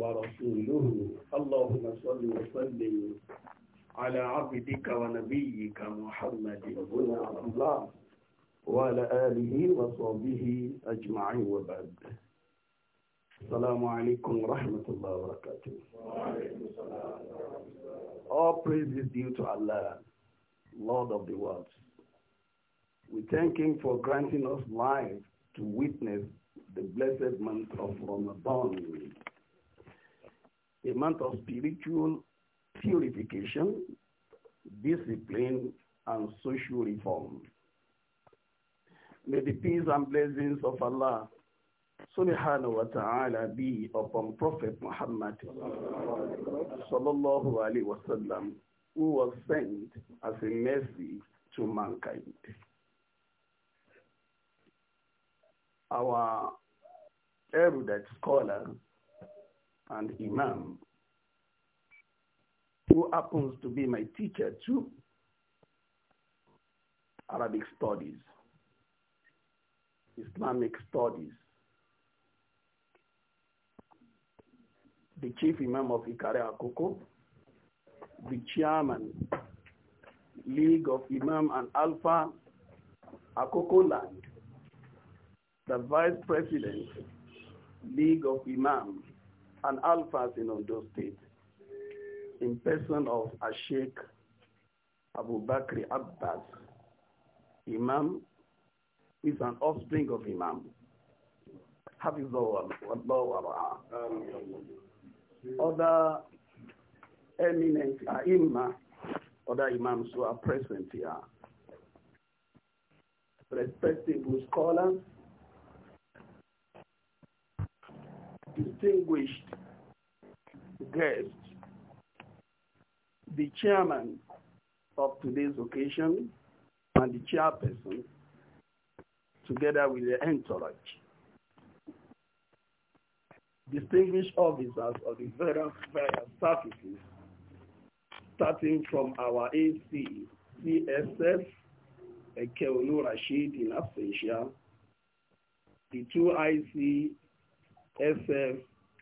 ورسوله اللهم صل وسلم على عبدك ونبيك محمد بن الله وعلى آله وصحبه أجمعين وبعد All praise is due to Allah, Lord of the worlds. We thank Him for granting us life to witness the blessed month of Ramadan a month of spiritual purification, discipline, and social reform. May the peace and blessings of Allah subhanahu wa ta'ala be upon Prophet Muhammad sallallahu alaihi wasallam who was sent as a mercy to mankind. Our erudite scholar and Imam, who happens to be my teacher too, Arabic studies, Islamic studies, the chief imam of Ikare Akoko, the chairman, League of Imam and Alpha Akoko Land, the vice president, League of Imam and alphas in Ondo State in person of Ashik Abu Bakr Abbas, Imam is an offspring of Imam. Other eminent uh, imams, other Imams who are present here, respectable scholars, distinguished guests, the chairman of today's occasion and the chairperson, together with the entourage, distinguished officers of the various fire services, starting from our AC, CSF, Ekeonu Rashid in absentia, the two IC ff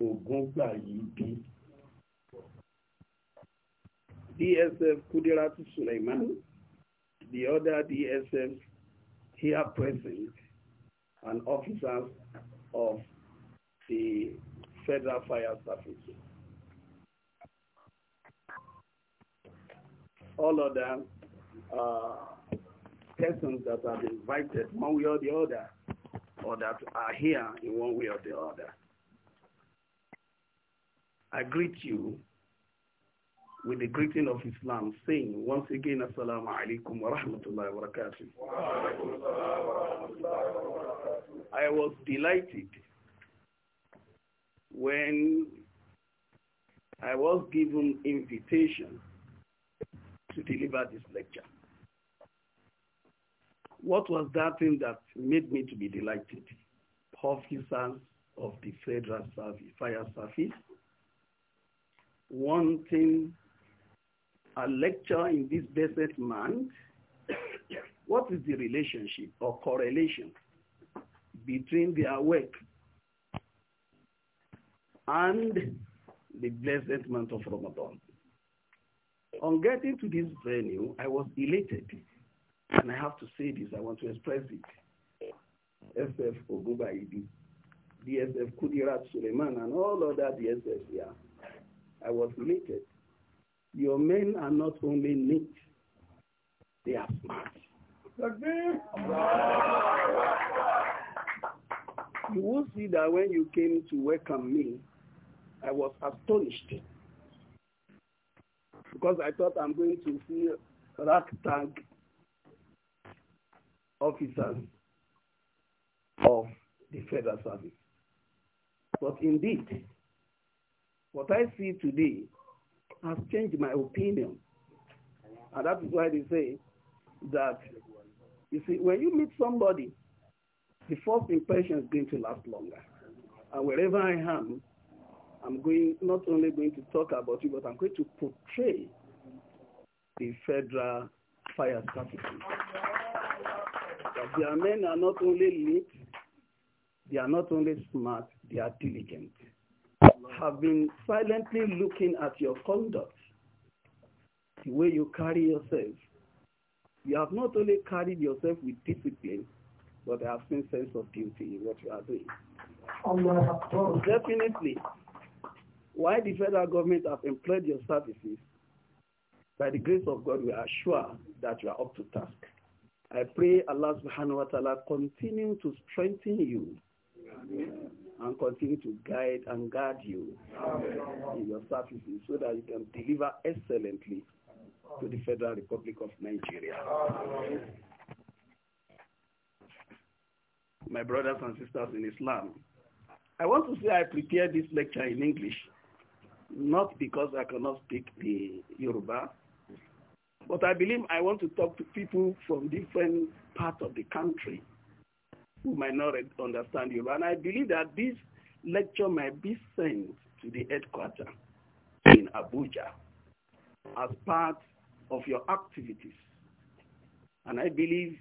ògúngbà yìí bí dsf kudiratu suleiman the other dsf here present and officers of the federal fire service all other uh, persons that are invited one way or the other or that are here in one way or the other I greet you with the greeting of Islam, saying once again, Assalamu alaikum wa rahmatullahi wa barakatuh. I was delighted when I was given invitation to deliver this lecture. What was that thing that made me to be delighted? Officers of the Federal Service, Fire Service, wanting a lecture in this blessed month, what is the relationship or correlation between the work and the blessed month of Ramadan? On getting to this venue, I was elated. And I have to say this, I want to express it. SF Oguba Ibi, DSF Kudirat Suleiman, and all other DSFs here. I was related. Your men are not only neat, they are smart. You will see that when you came to welcome me, I was astonished because I thought I'm going to see rack tank officers of the federal service. But indeed, what I see today has changed my opinion. And that is why they say that, you see, when you meet somebody, the first impression is going to last longer. And wherever I am, I'm going not only going to talk about you, but I'm going to portray the federal fire strategy. That their men are not only lit, they are not only smart, they are diligent have been silently looking at your conduct, the way you carry yourself. You have not only carried yourself with discipline, but I have seen sense of duty in what you are doing. Definitely. Why the federal government have employed your services, by the grace of God, we are sure that you are up to task. I pray Allah subhanahu wa ta'ala continue to strengthen you. Amen and continue to guide and guard you in your services so that you can deliver excellently to the Federal Republic of Nigeria. My brothers and sisters in Islam, I want to say I prepared this lecture in English, not because I cannot speak the Yoruba, but I believe I want to talk to people from different parts of the country who might not understand you, And I believe that this lecture might be sent to the headquarters in Abuja as part of your activities. And I believe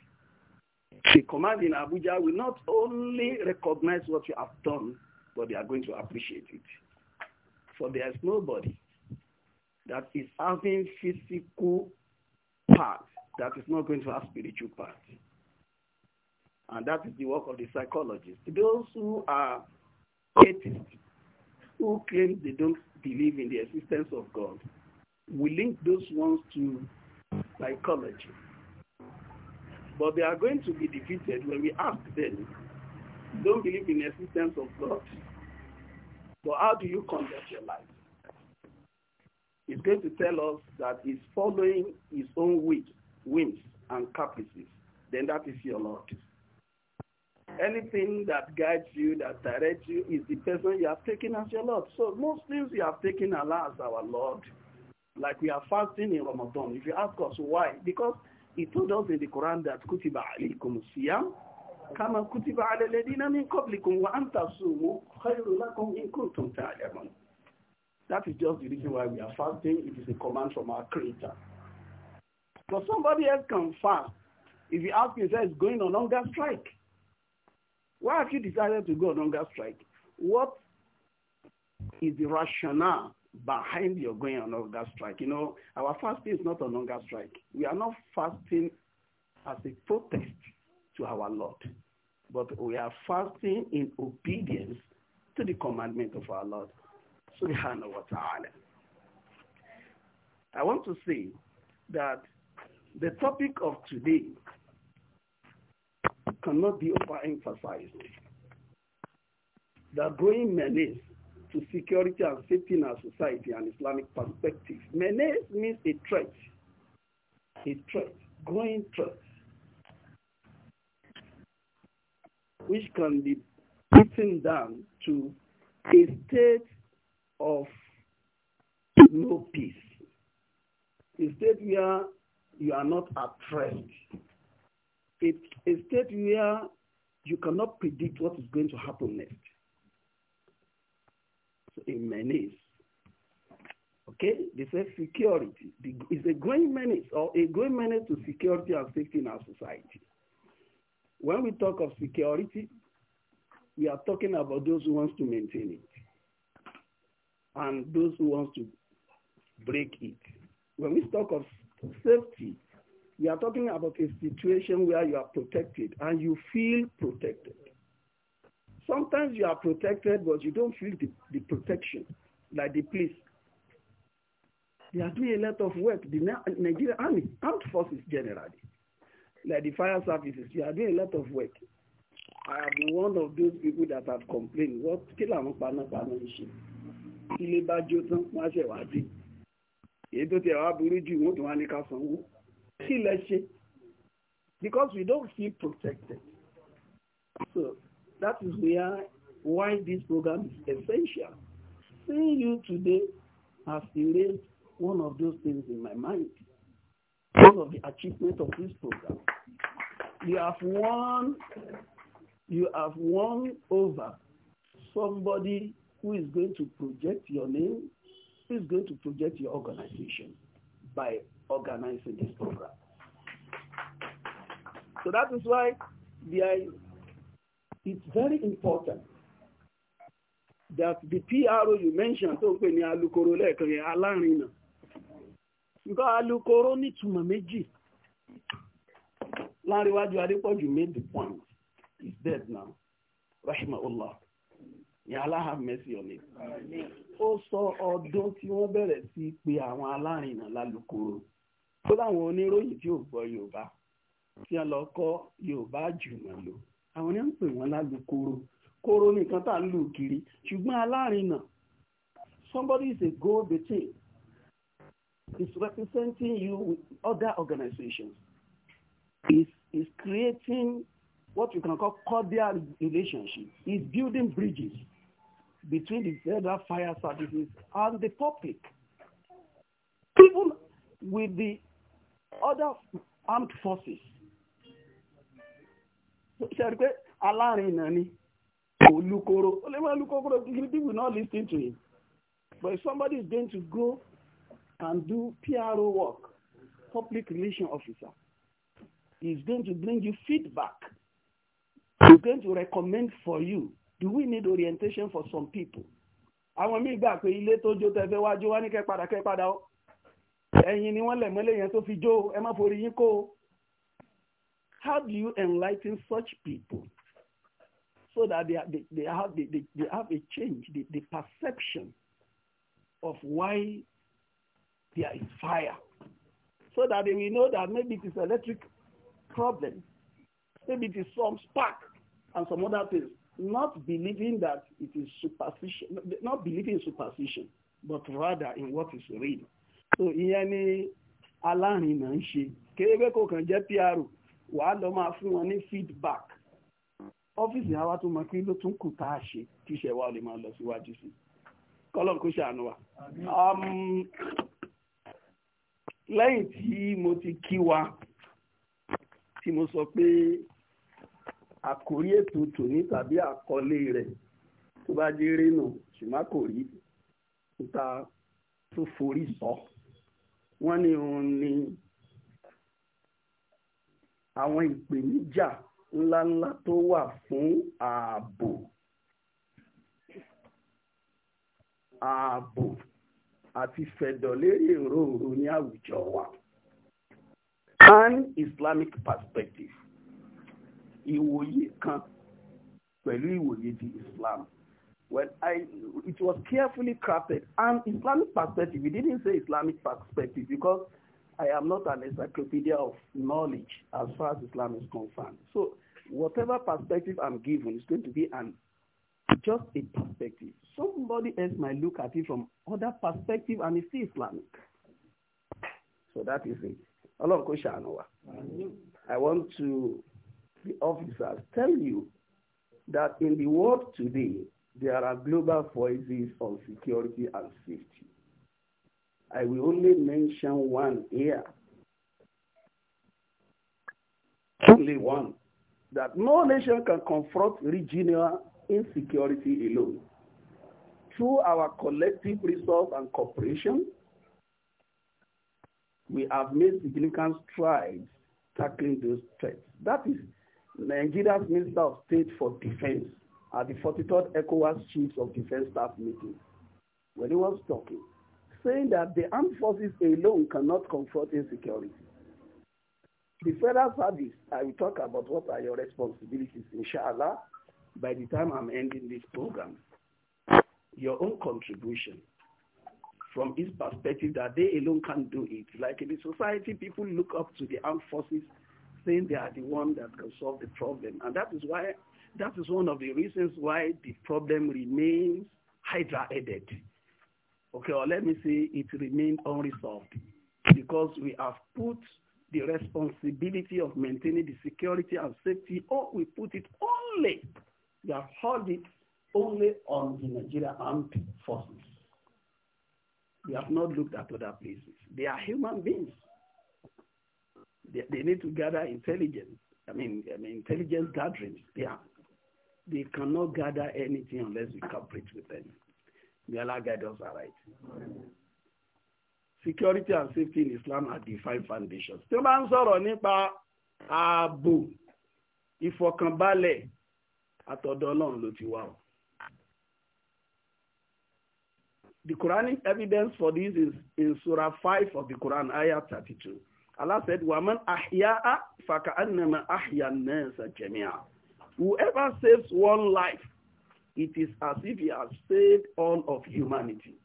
the command in Abuja will not only recognize what you have done, but they are going to appreciate it. For there is nobody that is having physical part that is not going to have spiritual part and that is the work of the psychologist. Those who are atheists, who claim they don't believe in the existence of God, we link those ones to psychology. But they are going to be defeated when we ask them, don't believe in the existence of God, but how do you conduct your life? It's going to tell us that he's following his own whims and caprices. Then that is your Lord anything that guides you, that directs you, is the person you have taken as your Lord. So most things you have taken Allah as our Lord. Like we are fasting in Ramadan. If you ask us why, because he told us in the Quran that kutiba alaykum siyam kama kutiba ala alladhina min qablikum wa antasumu tasumu lakum in kuntum ta'lamun. That is just the reason why we are fasting. It is a command from our Creator. But somebody else can fast. If you ask yourself, he going on hunger strike. Why have you decided to go on hunger strike? What is the rationale behind your going on hunger strike? You know, our fasting is not on hunger strike. We are not fasting as a protest to our Lord, but we are fasting in obedience to the commandment of our Lord, subhanahu wa ta'ala. I want to say that the topic of today cannot be overemphasized. The growing menace to security and safety in our society and Islamic perspective. Menace means a threat, a threat, growing threat, which can be beaten down to a state of no peace, a state where you are not at rest a, a state where you cannot predict what is going to happen next. So a menace. Okay, they say security. It's a growing menace or a growing menace to security and safety in our society. When we talk of security, we are talking about those who wants to maintain it and those who wants to break it. When we talk of safety, We are talking about a situation where you are protected and you feel protected. Sometimes you are protected, but you don't feel the, the protection, like the police. They are doing a lot of work, the Nigerian Army, armed forces generally, like the fire services, they are doing a lot of work. I have been one of those people that have complained. What kí làwọn panápaná ń ṣe? Ilé bá jó tán, wọ́n á ṣẹ̀wá dé. Èyí tó tiẹ̀ wá burú jù, wọ́n tún wá ní ká sanwó kí ṣe because we don't feel protected so that is where why this program is essential seeing you today has erased one of those things in my mind one of the achievements of this program you have won you have won over somebody who is going to project your name, who is going to project your organization by organizing this program. So that is why the, it's very important that the PRO you mentioned tó ń pè ní alukoro lẹ́ẹ̀kan yẹn alárinà nǹkan alukoro nítumọ̀ méjì láríwájú you made the point he's dead now rahimahullah ni Allah have mercy on him. Amen. ó sọ ọdún tí wọ́n bẹ̀rẹ̀ sí pe àwọn alárinà lálùkòrò tó láwọn oníròyìn tí ò gbọ́ yorùbá tí wọ́n lọ kọ́ yorùbá jùmọ̀ lò àwọn yẹn ń pè wọ́n lálùkòrò kóró nìkan tá à lù kiri ṣùgbọ́n alárinà somebody is a go between is representing you with other organizations is is creating what you can call cordial relationship is building bridges between the federal fire services and the public. Even with the other armed forces. Ṣé rí pé alárinà ni lukoro? Ó lukoro kí people not listen to him. But if somebody is going to go and do PRO work, public relation officer, he is going to bring you feedback. He is going to recommend for you do we need orientation for some people àwọn míì gbà pé ilé tó jó tẹfẹ wájú wá ní kẹ padà kẹ padà ó ẹ̀yin ni wọ́n lẹ̀ mọ́lẹ̀ yẹn tó fi jó ẹ má forí yín kó how do you enlighten such people so that they they, they have they, they, they have a change the, the perception of why there is fire so that they will know that maybe it is electric problem maybe it is some spark and some other things not believing that it is superstition, not believing superstition, but rather in what is real. So ìyẹn ni alárinà ń ṣe. Kérébé kò kàn jẹ́ PR wàá lọ máa fún wọn ní feedback. Ọ́fíìsì àwa tó mọ kí ló tún kù tá a ṣe kí iṣẹ́ wa lè máa lọ síwájú sí. Kọ́lọ̀ kó ṣàánú wa. Um, lẹ́yìn tí mo ti kí wa, tí mo sọ pé àkórí ètò tòní tàbí àkọlé rẹ̀ tó bá dé rénà ṣùgbọ́n kò rí níta tó forí sọ wọ́n ní òun ni àwọn ìpèníjà ńláńlá tó wà fún ààbò ààbò àti fẹ̀dọ̀lérí èrò ní àwùjọ wa pan Islamic perspective ìwòye kan pẹ̀lú ìwòye ti Islam well I it was carefully crafted and Islamic perspective we didn't say Islamic perspective because I am not an encyclopedia of knowledge as far as Islam is concerned so whatever perspective I'm given is going to be an just a perspective. Somebody else might look at it from other perspective and it's Islamic. So that is it. Ọlọ́run kò ṣàánú wa. I want to the officers tell you that in the world today, there are global voices on security and safety. I will only mention one here. Only one. That no nation can confront regional insecurity alone. Through our collective resource and cooperation, we have made significant strides tackling those threats. That is Nigeria's Minister of State for Defense at the 43rd ECOWAS Chiefs of Defense Staff meeting when he was talking, saying that the armed forces alone cannot confront insecurity. The federal service, I will talk about what are your responsibilities, inshallah, by the time I'm ending this program. Your own contribution from his perspective that they alone can't do it. Like in the society, people look up to the armed forces saying they are the one that can solve the problem. And that is why, that is one of the reasons why the problem remains hydra-headed. Okay, or let me say it remains unresolved because we have put the responsibility of maintaining the security and safety, or we put it only, we have held it only on the Nigerian armed forces. We have not looked at other places. They are human beings. They, they need to gather intelligence. I mean, I mean intelligence gatherings. Yeah, They cannot gather anything unless we cooperate with them. May Allah guide us aright. Security and safety in Islam are the foundations. Tí wọ́n bá ń sọ̀rọ̀ nípa ààbò ìfọ̀kànbalẹ̀ àtọ̀dọ̀ Ọlọ́run ló ti wá o. The Quranic evidence for this is in Surah 5 of the Quran, Ayah 32. Allah said, Waman ahya'a faka'annama ahyan nasa jami'a. Whoever saves one life, it is as if he has saved all of humanity.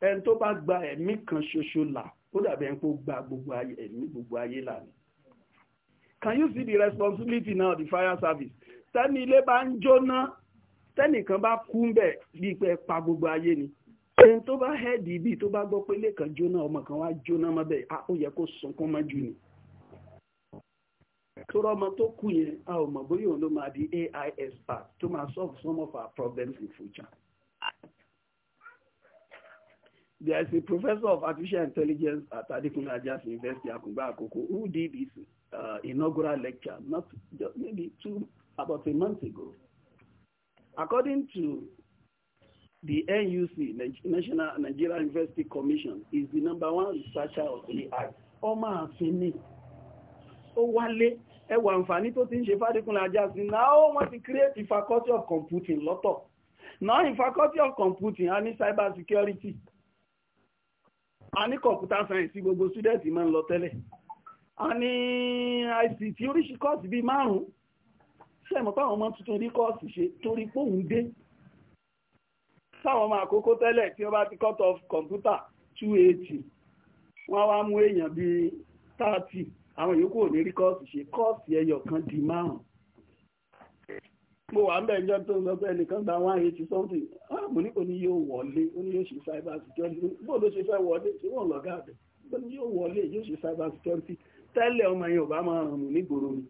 Ẹn tó bá gba ẹ̀mí kan ṣoṣo là, ó dàbí ẹni kó gba gbogbo ẹ̀mí gbogbo ayé là Can you see the responsibility now of the fire service? Tẹ́ni ilé bá ń jóná, tẹ́nìkan bá kú ń bẹ̀ bí pé pa gbogbo ayé ni. ẹni tó bá hẹ́ẹ̀dì ibi tó bá gbọ́ pé ilé kan jóná ọmọ kan wá jóná mọ́ bẹ́ẹ̀ á ó yẹ kó sunkún mọ́ jù ni tó rọmọ tó kú yẹn a ò mọ̀ bóyá òun ló máa di ais part tó máa solve some of our problems in future. There is a professor of artificial intelligence at Adekunle Ajasin University Akungba Akoko who did his uh, inaugural lecture not just maybe two about a month ago. According to The NUC, National Nigeria University Commission, is the number one researcher of AI. Ọmọ àfin ni. Ó wálé ẹwà àǹfààní tó ti ń ṣe fádékùnlé ajá sí náà wọ́n ti create the faculty of computing lọ́tọ̀. Now in faculty of computing, a ní cyber security. A ní computer science gbogbo students máa ń lọ tẹ́lẹ̀. A ní ICT oríṣi kọ́ọ̀sì bíi márùn-ún. Ṣé ẹ̀mọ́ táwọn ọmọ tuntun rí kọ́ọ̀sì ṣe torí póun dé sáwọn ọmọ àkókò tẹ́lẹ̀ tí wọ́n bá ti cut off kọ̀ǹpútà two eighty wọ́n wá mú èèyàn bíi thirty àwọn yòókù ò ní rí kọ́ọ̀sì ṣe kọ́ọ̀sì ẹyọ kan di márùn-ún mo wà ń bẹ̀ ìjọ tó ń lọ pé ẹnìkan gba one eighty something ah mo ní kò ní yóò wọlé ó ní yóò ṣe cyber security bó ló ṣe fẹ́ wọlé tí wọ́n lọ gáàdì ó ní yóò wọlé yóò ṣe cyber security tẹ́lẹ̀ ọmọ yẹn ò bá máa rùn nígboro ni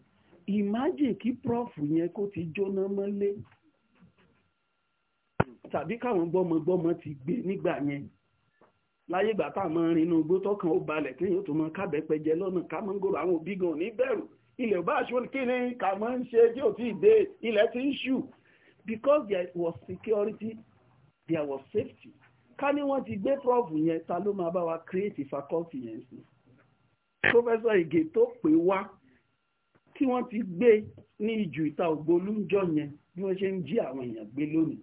imagine kí prof yẹn kó ti jóná mọ́lé tàbí káwọn gbọ́mọgbọ́mọ ti gbé nígbà yẹn láyé ìgbà tá a mọ rinú igbó tọkàn ó balẹ̀ kéèyàn ó tún mọ kábẹ́pẹ jẹ lọ́nà ká mọ́ ń gòrò àwọn òbí gan ní bẹ̀rù ilẹ̀ bá aṣọ kíni ká mọ́ ń ṣe tí ò tí ì dé ilẹ̀ ti ń ṣù because there was security there was safety ká ní wọ́n ti gbé prof yẹn ta ló máa bá wa create faculty yẹn sí professor Ige tó pè wá tí wọ́n ti gbé ní ìjù ìta ògbólúńjọ yẹn bí wọ́n ṣe ń jí àwọn èèyàn gbé lónìí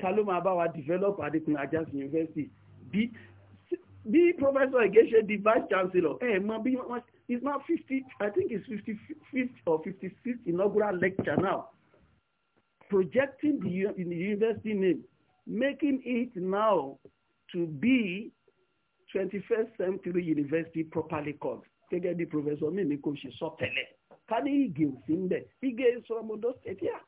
ta ló máa bá wa develop Adékun Ajásin University bí bí professor ege ṣe di vice chancellor ẹ mọ bí wọn it's now fifty i think it's fifty fifth or fifty sixth inaugural lecture now projecting the, in the university name making it now to be twenty-first century university properly called gẹ́gẹ́ bí professor mi ni kò ṣe sọ tẹ́lẹ̀ ká ní ìgè òsì ń bẹ̀ ìgè sọ̀rọ̀ mọ́tò ṣẹ̀tíà.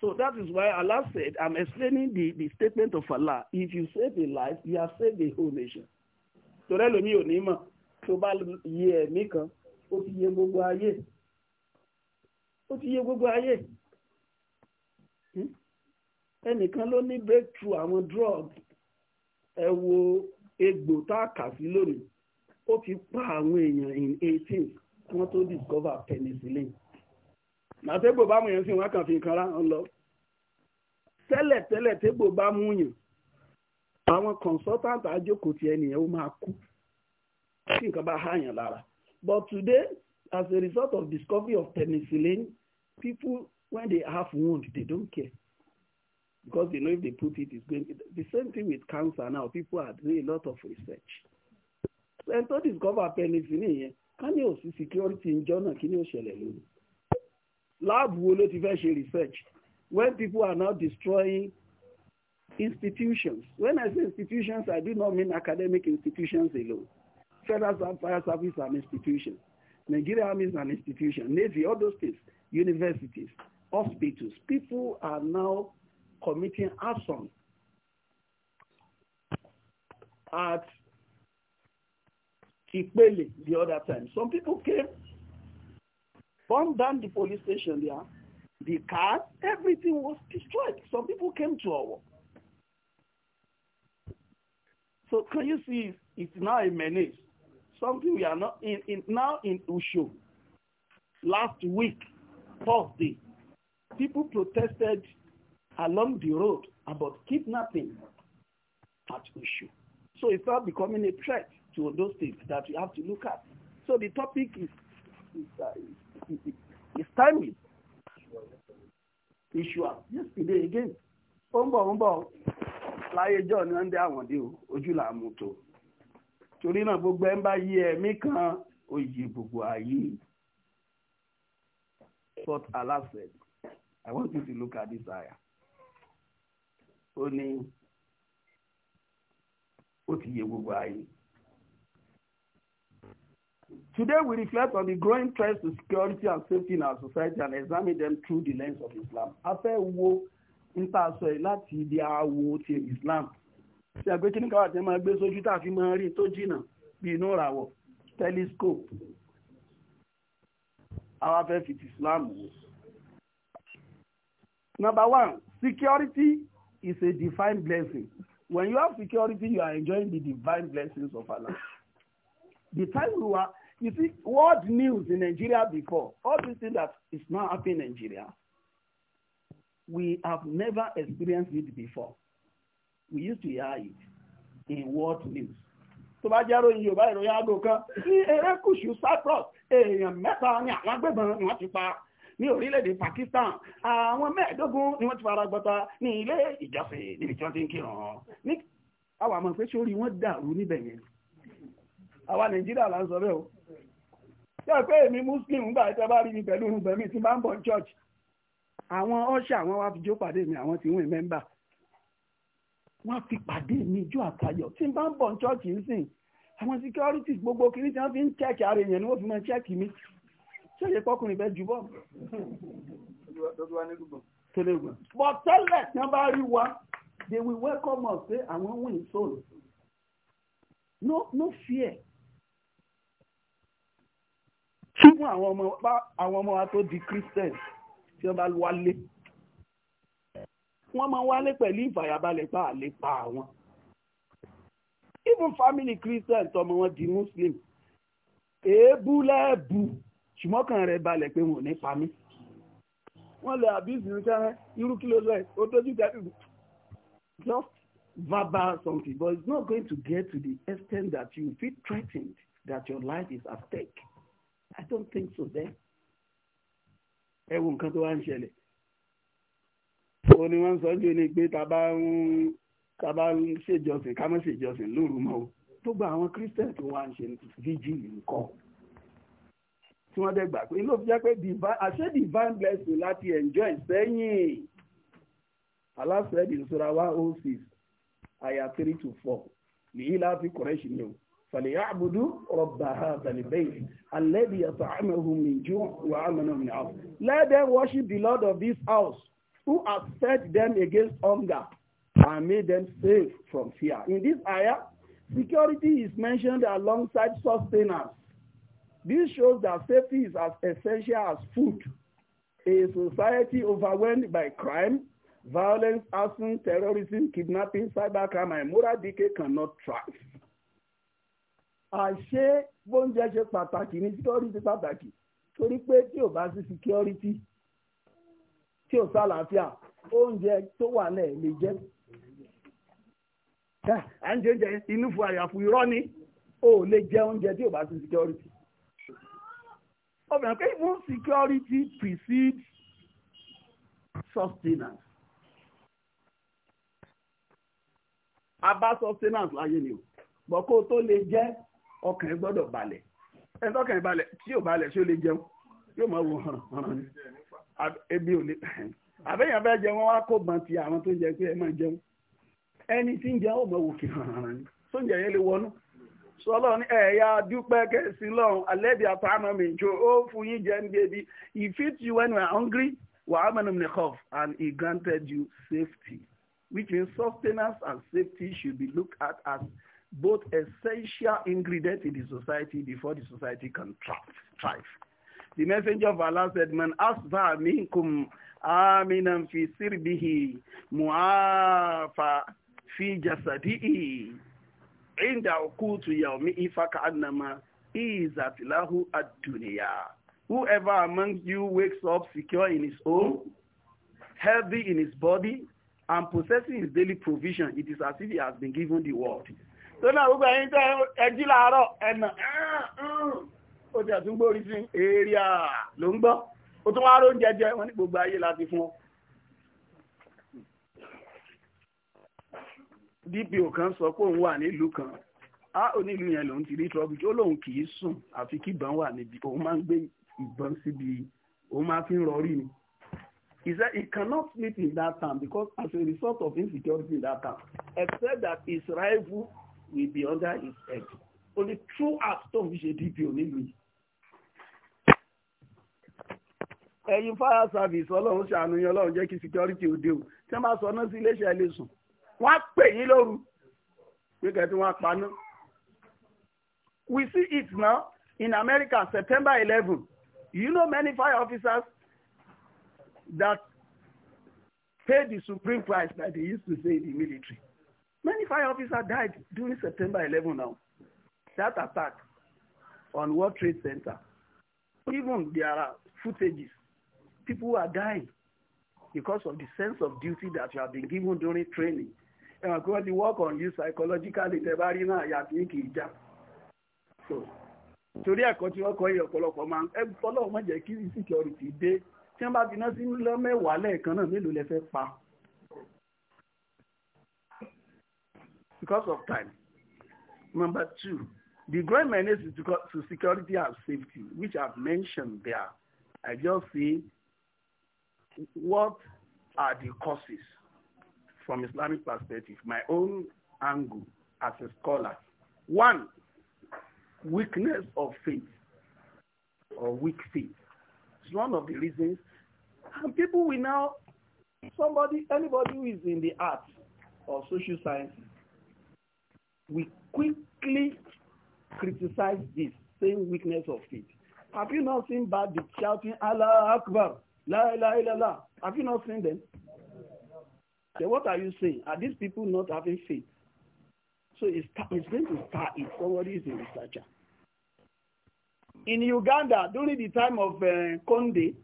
So that is why Allah said, I'm explaining the, the statement of Allah. If you save a life, you have saved the whole nation. Torẹ́ lomi ò ní mọ̀, tó bá yẹ ẹ̀mí kan, ó ti yẹ gbogbo ayé. Ó ti yẹ gbogbo ayé. Hmm? Ẹnìkan ló ní breakthrough àwọn drug. Ẹ wo egbò tá a kà sí lónìí. Ó ti pa àwọn èèyàn in 18, kí wọ́n tó discover penicillin màtẹ́gbò bá mú yẹn sí wọn kàn fi nǹkan rá ń lọ tẹ́lẹ̀ tẹ́lẹ̀ tẹ́gbò bá mú yàn àwọn consultant àjòkò tí ẹnìyẹn ó máa kú tí nǹkan bá hàyàn lára but today as a result of discovery of penicillin people when they have wound they don't care because they know if they put it it's going to the same thing with cancer now people are doing a lot of research ẹni tó discover penicillin yẹn ká ní òsì security ń jọ́nà kí ni ó ṣẹlẹ̀ lónìí Lab wo ló ti fẹ́ ṣe research when people are now destroying institutions when I say institutions I do not mean academic institutions alone federal fire service is institutions. Nigeria Army is an institution Navy all those things universities hospitals people are now committing arson at Ipele the other time some people came burned down the police station there. The cars, everything was destroyed. Some people came to our work. So can you see it's now a menace? Something we are not in, in now in Usho. Last week, Thursday, people protested along the road about kidnapping at Usho. So it's now becoming a threat to those things that we have to look at. So the topic is, is, uh, is it's timely ìṣùà yesterday again ó ń bọ̀ ń bọ̀ láyé jọ ni wọ́n ń dé àwọn dé o ojú là tó torí náà gbogbo ẹ̀ ń bá yí ẹ̀mí kan oyè gbogbo ayé but Allah said I want you to look at this aya ó ní ó ti yẹ gbogbo ayé. Today we reflect on the growing threats to security and safety in our society and examine them through the lens of Islam. A fẹ́ wo nípa aṣọ yìí láti ibi àwo ti Islam. Ṣé ẹgbẹ́ kí ní káwá tí máa gbé sójú tá a fi máa rí tó jìnnà bí inú ìràwọ̀ telescope. Àwa fẹ́ fi ti Islam wò. Number one, security is a divine blessing. When you have security, you are enjoying the divine blessings of Allah. The time we were You see, world news in Nigeria before, all these things that is now happening in Nigeria, we have never experienced it before. We used to hear it in world news. Tó bá jẹ́ ròyìn Yorùbá ìròyìn aago kan, ní erékùṣù Cyprus, èèyàn mẹ́ta ni àwọn agbébọn ni wọ́n ti pa ní orílẹ̀-èdè Pakistan àwọn mẹ́ẹ̀ẹ́dógún ni wọ́n ti fara gbọ́ta ní ilé ìjọsìn níbi tí wọ́n ti ń kírun ní àwọn àmọ́ pé sórí wọ́n dàrú níbẹ̀ yẹn àwa Nàìjíríà là ń sọ bẹ́ẹ̀ o yóò pé èmi muslim ń gbà bá rí mi pẹ̀lú orun bẹ̀mí tí bá ń bọ̀ church àwọn ọ̀ṣẹ́ àwọn wá fi jó pàdé mi àwọn tí ń wìn mẹ́mbà fi pàdé mi jó àtayọ̀ tí bá ń bọ̀ church ń sìn àwọn securities gbogbo kiri tí wọ́n fi ń check ara èèyàn ni wọ́n fi máa check mi ṣé èyí pọkùnrin fẹ́ ju bọ́ọ̀lù but tẹ́lẹ̀ tí wọ́n bá rí wa they will welcome us say àwọn win soul no no fear ṣùgbọ́n àwọn ọmọ wa tó di christian tí wọ́n bá wálé wọ́n máa wálé pẹ̀lú ìfàyàbalẹ̀ pa àlè pa àwọn even family christian tọmọ wọn di muslim èébú lẹ́ẹ̀bù ṣùgbọ́n kàn rẹ̀ balẹ̀ pé wọn ò ní pa mí wọ́n lè abuse ní sẹ́rẹ́ irú kí ló lọ ó tó jíjẹ́ ìlú just verbal something but it's not going to get to the extent that you feel threatened that your life is at stake. I don't think so then. ẹ wo nǹkan tó wá ń ṣẹlẹ̀ ó ní wọ́n sọ jù ní pé ta bá ń ta bá ń ṣèjọsìn ká má ṣèjọsìn lóru mọ́ o tó gba àwọn christian tó wá ń ṣe vigil nǹkan tí wọ́n dẹ̀ gbà pé ló fi jẹ́ pé àṣẹ divine blessing láti enjoy sẹ́yìn Allah said in Surah 106 àyà 3 to 4 nìyí láti kọ̀rẹ́ṣì ni o. فليعبدوا رب هذا البيت الذي يطعمهم من جوع وآمنهم من عطش. Let them worship the Lord of this house who has set them against hunger and made them safe from fear. In this ayah, security is mentioned alongside sustenance. This shows that safety is as essential as food. A society overwhelmed by crime, violence, arson, terrorism, kidnapping, cybercrime, and moral decay cannot thrive àṣé bóúnjẹ ṣe pàtàkì ní security pàtàkì torí pé tí ò bá sí security tí ò sálàáfíà oúnjẹ tó wà náà lè jẹ. à ń jẹ oúnjẹ inú fún àyàfù irọ́ ni o ò lè jẹ oúnjẹ tí ò bá sí security. obìnrin pé even security precedes sustenance. a bá sustenance láyé ni o bọ̀ kó o tó lè jẹ́ ọkàn ẹ gbọ́dọ̀ balẹ̀ ẹ tọkàn ẹ balẹ̀ tí ò balẹ̀ tí ó lè jẹun yóò máa wo hàn hàn ni ebi ò lè àbẹ̀yàn fẹ́ jẹun wọn wá kó bàn ti àwọn tó ń jẹ pé ẹ máa jẹun ẹni tí ń jẹun ó máa wò kí hàn hàn ni tó ń jẹ yẹn lè wọnú sọlọ ní ẹ̀yà dúpẹ́ kẹsì lọ́run alẹ́bí àtàmọ́ mi jò ó fún yín jẹ́ ní bèbí he feeds you when you are hungry wà á mẹ́nu ní cough and he granted you safety which means sustenance and safety should be looked at as both essential ingredient in the society before the society can thrive. The messenger of Allah said, Man asba minkum aminan fi sirbihi mu'afa fi jasadihi inda ukutu yawmihi faka'annama izat lahu ad-dunya. Whoever among you wakes up secure in his home, healthy in his body, and possessing his daily provision, it is as if he has been given the world tó náà gbogbo ẹ̀yin tẹ́ ẹjí láàárọ̀ ẹ̀nà ó ti ẹ̀tún gbórí sí eré à ló ń gbọ́ ó tún wá róúnjẹ jẹ wọn ní gbogbo ayé láti fún ọ dpo kan sọ pé òun wà nílùú kan á onílùú yẹn lòun ti rí trọ́bù ó lòun kì í sùn àfi kí ìbọn wà níbi òun máa ń gbé ìbọn síbi òun máa fi ń rọrí ni He said he cannot meet in that town because as a result of insecurity in that town except that his rival will be under his head Only true heart tó ń fi ṣe dpo nílùú yìí. fire service ọlọ́run ṣàánú yín ọlọ́run jẹ́ kí security òde o tí wọ́n bá sọ náà sí iléeṣẹ́ ilé sùn wọ́n á pè yín lóru pé kẹ́tí wọ́n á paná. we see it now in America September eleven you know many fire officers that pay the supreme price like they used to say in the military Many fire officers died during September 11 now. That attack on World Trade Center. Even there are footages. People are dying because of the sense of duty that you have been given during training. And of course, the work on you psychologically, everybody now, you have to keep So, torí ẹ̀kọ́ tí wọ́n kọ́ yẹ ọ̀pọ̀lọpọ̀ máa ń ẹ fọlọ́ọ̀ má jẹ́ kí security dé tí wọ́n bá fi ná sí lọ́mẹ́wàá lẹ́ẹ̀kan náà mélòó lẹ fẹ́ pa. because of time. Number two, the great menace is to security and safety, which I've mentioned there. I just see what are the causes from Islamic perspective? My own angle as a scholar. One, weakness of faith or weak faith. It's one of the reasons. And people will now, somebody, anybody who is in the arts or social sciences we quickly criticize this same weakness of faith. Have you not seen the shouting Allah Akbar, La la la la? Have you not seen them? Then what are you saying? Are these people not having faith? So it's, it's going to start if somebody is a researcher. In Uganda, during the time of uh, Konde,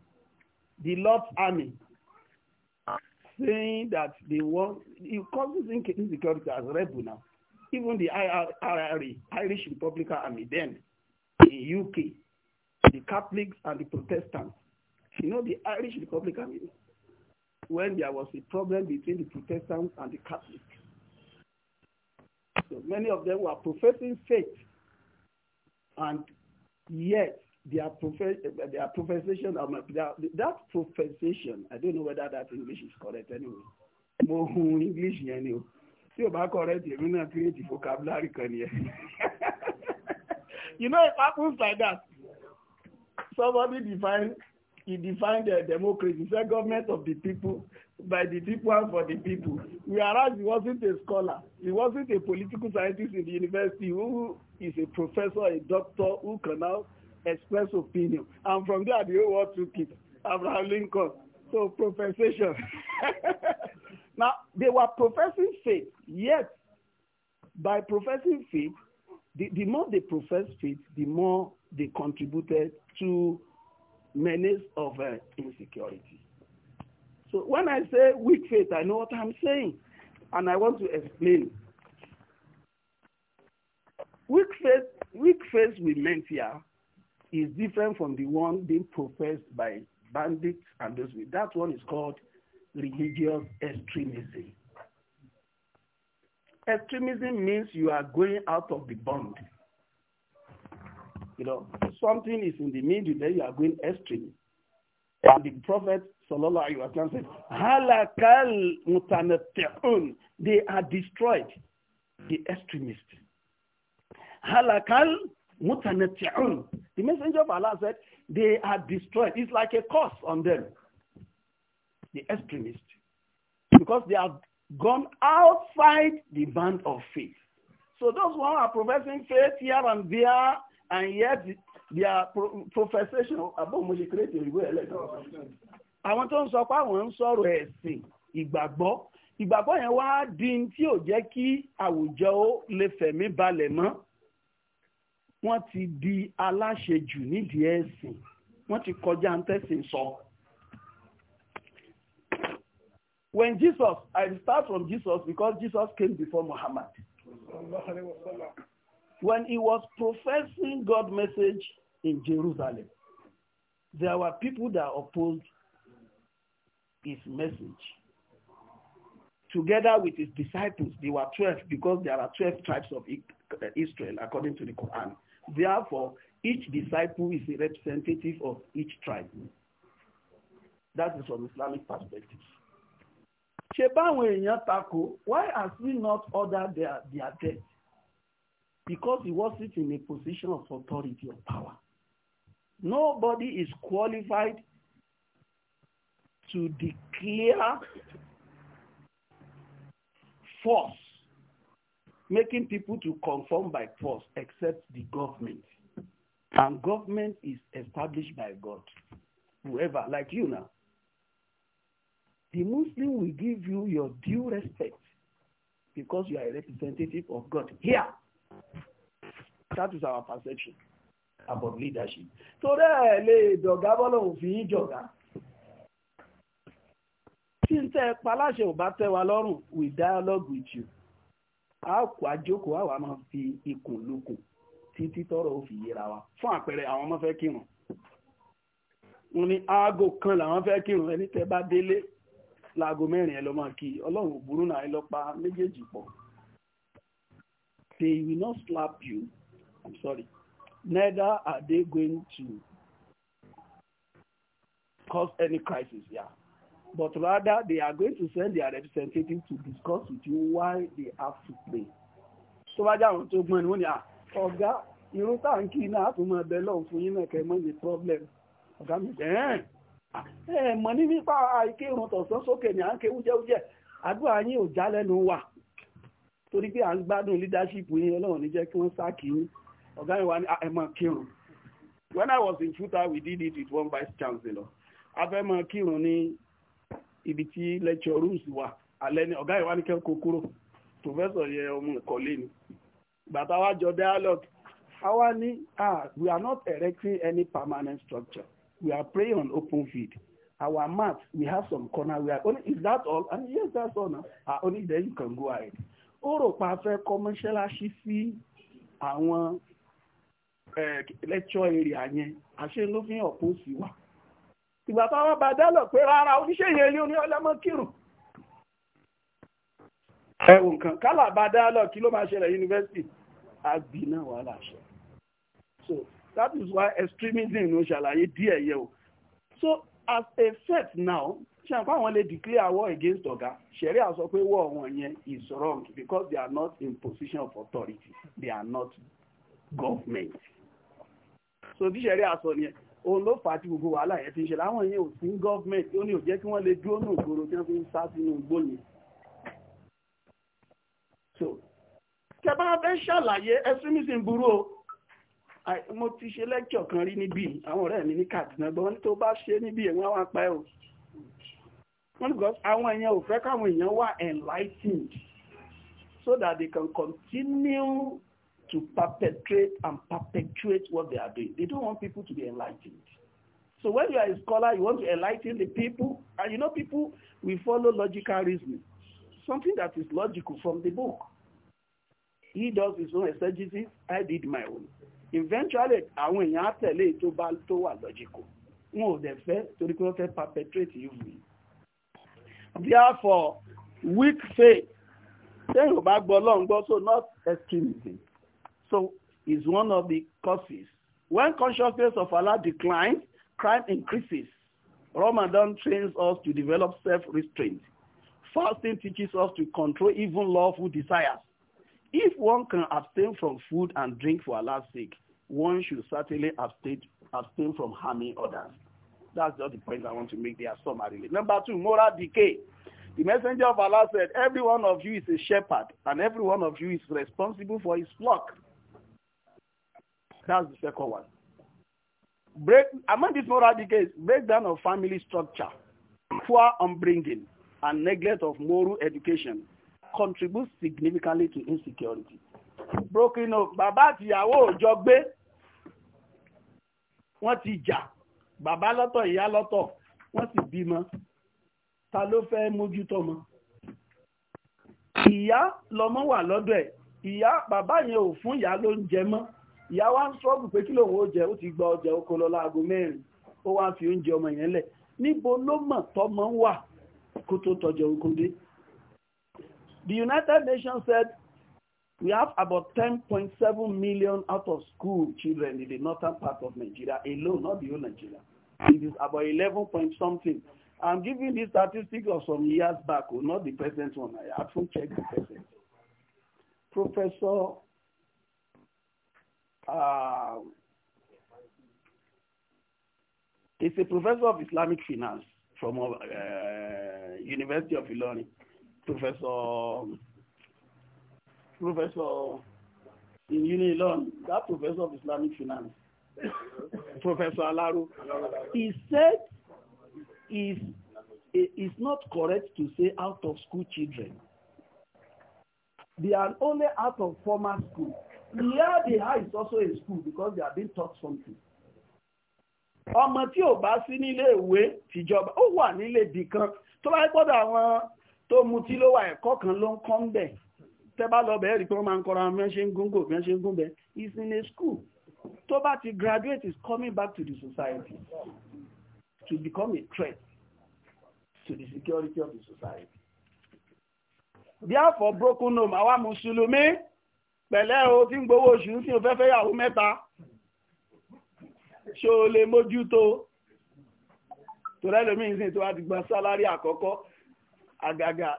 the Lord's army, saying that they want, it causes insecurity as rebel now even the IRA, Irish Republican Army then, in UK, the Catholics and the Protestants. You know, the Irish Republican Army, when there was a problem between the Protestants and the Catholics, so many of them were professing faith, and yet their, profess their profession, um, that profession, I don't know whether that English is correct anyway, More English anyway. tí ò bá correct èmi náà create vocabulary kan nìyẹn you know it happens like that somebody define he defined the democracy say government of the people by the people and for the people We whereas he wasn't a scholar he wasn't a political scientist in the university who is a professor a doctor who can now express opinion and from there the whole world took it Abraham Lincoln so professation they were professing faith, yet by professing faith, the, the more they professed faith, the more they contributed to menace of uh, insecurity. So when I say weak faith, I know what I'm saying, and I want to explain. Weak faith, weak faith we meant here is different from the one being professed by bandits and those. That one is called religious extremism. Extremism means you are going out of the bound. You know, something is in the middle, then you are going extreme. And the Prophet sallallahu alaihi wasallam said, "Halakal They are destroyed, the extremists. Halakal mutanatti'un. The Messenger of Allah said, "They are destroyed." It's like a curse on them. the extremists, because they have gone outside the band of faith. So those who are professing faith here and there, and yet their pro profession about mo ṣe create òyìnbó ẹlẹ́dọ̀. Àwọn tó ń sọ pé àwọn ń sọ̀rọ̀ ẹ̀sìn ìgbàgbọ́. Ìgbàgbọ́ yẹn wá di tí ò jẹ́ kí àwùjọ ó lè fẹ̀mí balẹ̀ mọ́. Wọ́n ti di aláṣejù nídìí ẹ̀sìn. Wọ́n ti kọjá ń tẹ̀sìn sọ. So When Jesus, I start from Jesus because Jesus came before Muhammad. When he was professing God's message in Jerusalem, there were people that opposed his message. Together with his disciples, they were 12 because there are 12 tribes of uh, Israel according to the Quran. Therefore, each disciple is a representative of each tribe. That is from Islamic perspective ṣe báwọn why has he not ordered their their death because he wasn't in a position of authority or power nobody is qualified to declare force making people to conform by force except the government and government is established by God whoever like you now the Muslim will give you your due respect because you are a representative of God here. That is our perception about leadership. So there, lè dọ̀gá bọ́lá òfin ìjọ̀gá. Tí n tẹ́ paláṣẹ we dialogue with you. A kò àjókòó àwa máa fi ikùn lukùn títí tọrọ òfin yẹra wa. Fún àpẹẹrẹ, àwọn ọmọ fẹ́ kírun. Wọ́n ní aago kan làwọn fẹ́ kírun ẹni tẹ́ bá délé láago mẹ́rin ẹ lọ máa kí ọlọ́run òbúrú náà ẹ méjèèjì pọ̀ they will not slap you i'm sorry neither are they going to cause any crisis yeah but rather they are going to send their representative to discuss with you why they have to pray tó bá jáwọn tó gbọ́n ni wọ́n ní à ọ̀gá irun táǹkì náà àtúmọ̀ ẹ̀bẹ̀ lọ́hùn fún yín náà kẹ́ mọ́ ní problem ọ̀gá mi bẹ́ẹ̀. ẹ eh, mọ̀ ní nípa àìké irun tọ̀sán sókè ní à ń ké wújẹ́wújẹ́ àdúrà yín ò já lẹ́nu wà torí pé à ń gbádùn leadership yín ọlọ́run ní jẹ́ kí wọ́n sá kí yín ọ̀gá ìwà ni ẹ mọ̀ kírun when I was in Futa we did it with one vice chancellor afẹ́mọ̀ kírun ní ibi tí lecture rooms wà alẹ́ ní ọ̀gá ìwà ní kẹ́kọ̀ọ́ kúrò professor yẹ ọmọ ìkọ́lé ni gbàtà wájọ dialogue awa ni ah we are not erecting any permanent structure we are praying on open field our mat we have some corner we are only is that all and yes that's all now ah only then you can go ahead ó rò pa fẹ́ kọ́ mọ́ṣáláṣí sí àwọn lecture area yẹn àṣẹ ló fi hàn pọ̀ sí wa ìgbà táwọn bá dálọ̀ pé rárá oníṣẹ́ yẹn ni ó ní ọlọ́mọ kírun ẹ̀wù nǹkan kálà bá dálọ̀ kí ló máa ṣẹlẹ̀ yunifásitì á bí náà wàhálà so that is why extremism ló ṣàlàyé díẹ̀ yẹ o so as a set now ṣe àpá àwọn lè declare war against ọ̀gá ṣẹ̀rí àsọ pé war wọn yẹn is wrong because they are not in position of authority they are not government so bí ṣẹ̀rí àsọ yẹn òun ló fà á tí gbogbo wàhálà yẹn fi ń ṣẹlẹ̀ àwọn yẹn ò sí government ó ní ò jẹ́ kí wọ́n lè dúró ní ògbóró tí wọ́n fi ń sá sínú igbó yẹn so tẹ bá fẹ́ ṣàlàyé extremism burú o mo ti ṣe lẹ́kṣọ̀ kan rí níbí àwọn ọ̀rẹ́ mi ní Katsina gbọ́n ní tó bá ṣe níbí ẹ̀wọ̀n àwọn apá ẹ̀ o wọ́n ní because àwọn èèyàn ò fẹ́ káwọn èèyàn wà enlightened so that they can continue to perpetrate and perpetuate what they are doing they don't want people to be enlightened so when you are a scholar you want to enlighten the people and you know people we follow logical reasoning something that is logical from the book he does his own exegesis I did my own eventually àwọn èèyàn á tẹ̀lé tó bá tó wà logical wọn ò dẹ̀ fẹ́ torí pé wọ́n fẹ́ perpetrate evil therefore weak faith tẹ́yìn ò bá gbọ́ Ọlọ́run gbọ́ so not extremism so is one of the causes when consciousness of Allah declines crime increases Ramadan trains us to develop self-restraint. Fasting teaches us to control even lawful desires. If one can abstain from food and drink for Allah's sake, one should certainly abstain, abstain from harming others. That's just the point I want to make there summarily. Number two, moral decay. The messenger of Allah said, every one of you is a shepherd and every one of you is responsible for his flock. That's the second one. Break, among these moral decays, breakdown of family structure, poor upbringing, and neglect of moral education contributes significantly to insecurity. Broken up, bàbá àtìyàwó ò wọ́n ti jà bàbá lọ́tọ̀ ìyá lọ́tọ̀ wọ́n sì bímọ ta ló fẹ́ mójútó ọmọ ìyá lọmọ wà lọ́dọ̀ ẹ̀ ìyá bàbá yẹn ò fún ìyá ló ń jẹ mọ́ ìyá wa ń sọ́ọ̀bù pé kí lòun ó jẹ ó ti gba ọjà oko lọ láago mẹ́rin ó wá fi oúnjẹ ọmọ yẹn lẹ̀ níbo ló mọ̀ tọmọ wà kó tó tọjọ oko dé The United Nations said we have about 10.7 million out of school children in the northern part of Nigeria alone, not the whole Nigeria. It is about 11 point something. I'm giving this statistic of some years back, or oh, not the present one. I haven't checked the present. Professor uh, is a professor of Islamic finance from uh, University of Ilorin. Professor um, professor in Unilon, that professor of Islamic finance, Professor Alaro, he said is it's not correct to say out of school children. They are only out of formal school. Here they are is also a school because they are being taught something. Ọmọ tí ò bá sí nílé ìwé tìjọba, ó wà nílé ibì kan. Tó bá gbọ́dọ̀ àwọn tó mutí ló wà ẹ̀kọ́ kan ló ń kọ́ ń bẹ̀ tẹ́bá lọ bẹ̀ẹ́ rí pé wọ́n máa ń kọ́ra bí ṣe ń gúngò bí wọ́n ṣe ń gúnbẹ̀ is in a school tó bá ti graduate is coming back to the society to become a threat to the security of the society. therefore broken home àwa mùsùlùmí pẹ̀lẹ́ o tí ń gbowó oṣù tí o fẹ́ fẹ́ yàwó mẹ́ta ṣé o lè mójútó torẹ́lómi ìsìn tó wá ti gba sálárì àkọ́kọ́ àgàgà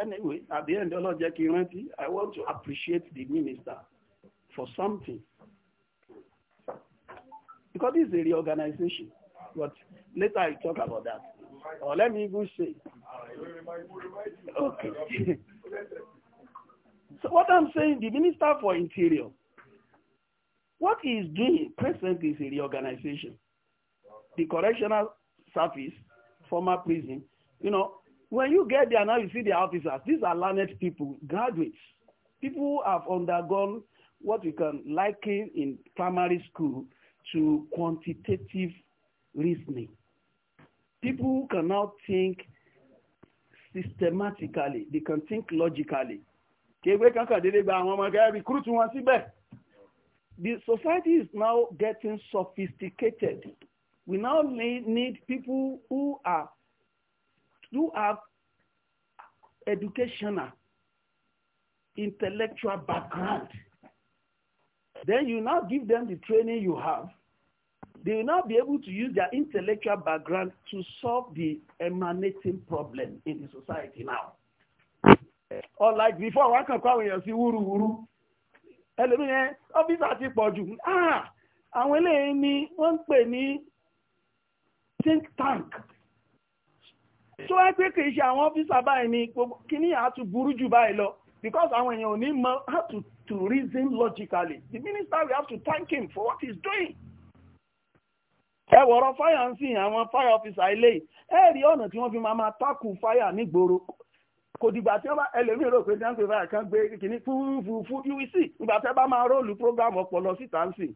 anyway at the end ọlọ́jẹ́ kí n rántí I want to appreciate the minister for something because this is a reorganization but later I talk about that or let me even say okay so what I'm saying the minister for interior what he is doing presently is a reorganization the correctional service former prison you know When you get there now, you see the officers. These are learned people, graduates, people who have undergone what we can liken in primary school to quantitative reasoning. People who can now think systematically, they can think logically. Kéwé kankan dédé gba àwọn ọmọ recruit wọn síbẹ̀. The society is now getting sophisticated. We now need people who are you have educational, intellectual background. Then you now give them the training you have. They will now be able to use their intellectual background to solve the emanating problem in the society now. Or like before, wọn kàn kó àwọn èèyàn sí wúruwúru. Ẹlòmíràn ọ́fíìsì àti pọ̀jù. Ah! Àwọn eléyìí ni wọ́n ń pè ní think tank tó wáyé pé kìí ṣe àwọn ọ́fíìsà báyìí ni kíní àtú burú jù báyìí lọ because àwọn èèyàn ò ní mọ how to to reason logically the minister we have to thank him for what he is doing. ẹ wọ̀rọ̀ fire ń sìn àwọn fire officer ilé ẹ rí ọ̀nà tí wọ́n fi máa máa tákù fire nígboro kò dìgbà tí wọ́n bá ẹlòmíì rò pé tí wọ́n pè fire kan gbé kíní fúfúfú uec ìgbà tí wọ́n bá máa róòlù program ọpọlọ síta ń sìn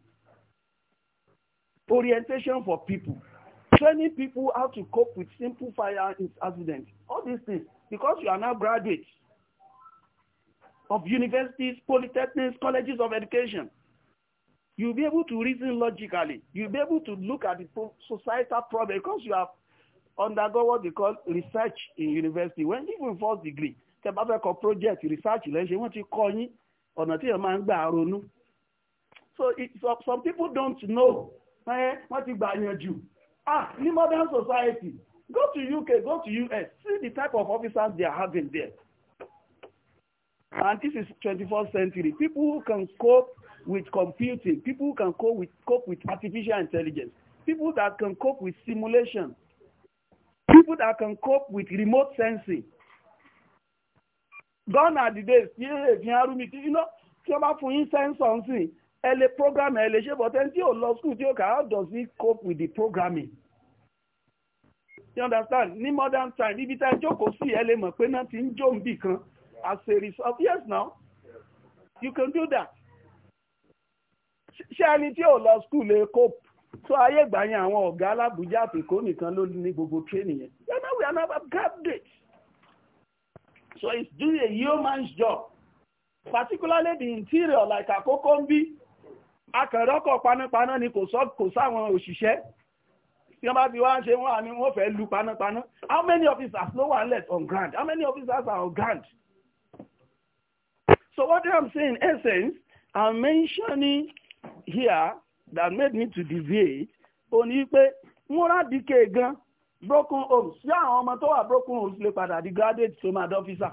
orientation for people Training people how to cope with simple fire accidents. All these things. Because you are now graduates of universities, polytechnics, colleges of education. You'll be able to reason logically. You'll be able to look at the societal problem because you have undergone what they call research in university. When even first degree, tẹ́ bá fẹ́ kọ project research You wọ́n ti kọ́ yín ọ̀nà tí èèyàn máa ń gbà ronú. So so, some people don't know. Wọ́n ti gbà yànjú. Ah, the modern society. Go to UK, go to US. See the type of officers they are having there. And this is 21st century. People who can cope with computing, people who can cope with, cope with artificial intelligence, people that can cope with simulation, people that can cope with remote sensing. Gone are the days, Yeah, you know, tí wọ́n bá fún yín sẹ́ńsọ̀ ń ẹ lè program ẹ lè ṣe bọ̀tẹ́ tí ò lọ school tí ó kà how does he cope with the programming you understand ní modern time ibi tá a jókòó sí ẹ lè mọ̀ pé náà ti ń jó nbì kan as a result yes now you can do that ṣé ẹni tí ò lọ school lè cope so ayé ìgbà yẹn àwọn ọ̀gá alábùjá àpèkó nìkan ló ní gbogbo training yẹn yẹn náà we are not graduate so it's doing a yeoman's job particularly the interior like àkókò ń bí akẹ̀rọ́kọ̀ panápaná ni kò sáwọn òṣìṣẹ́ tí wọ́n bá ti wá ń ṣe wọ́n àní wọ́n fẹ́ lu panápaná how many officers no one left on ground how many officers are on ground so what I'm saying in essence I'm mentioning here that made me to deviate ó ipe pé múra dike gan broken homes ṣé àwọn ọmọ tó wà broken homes lè padà di graduate tó mad officer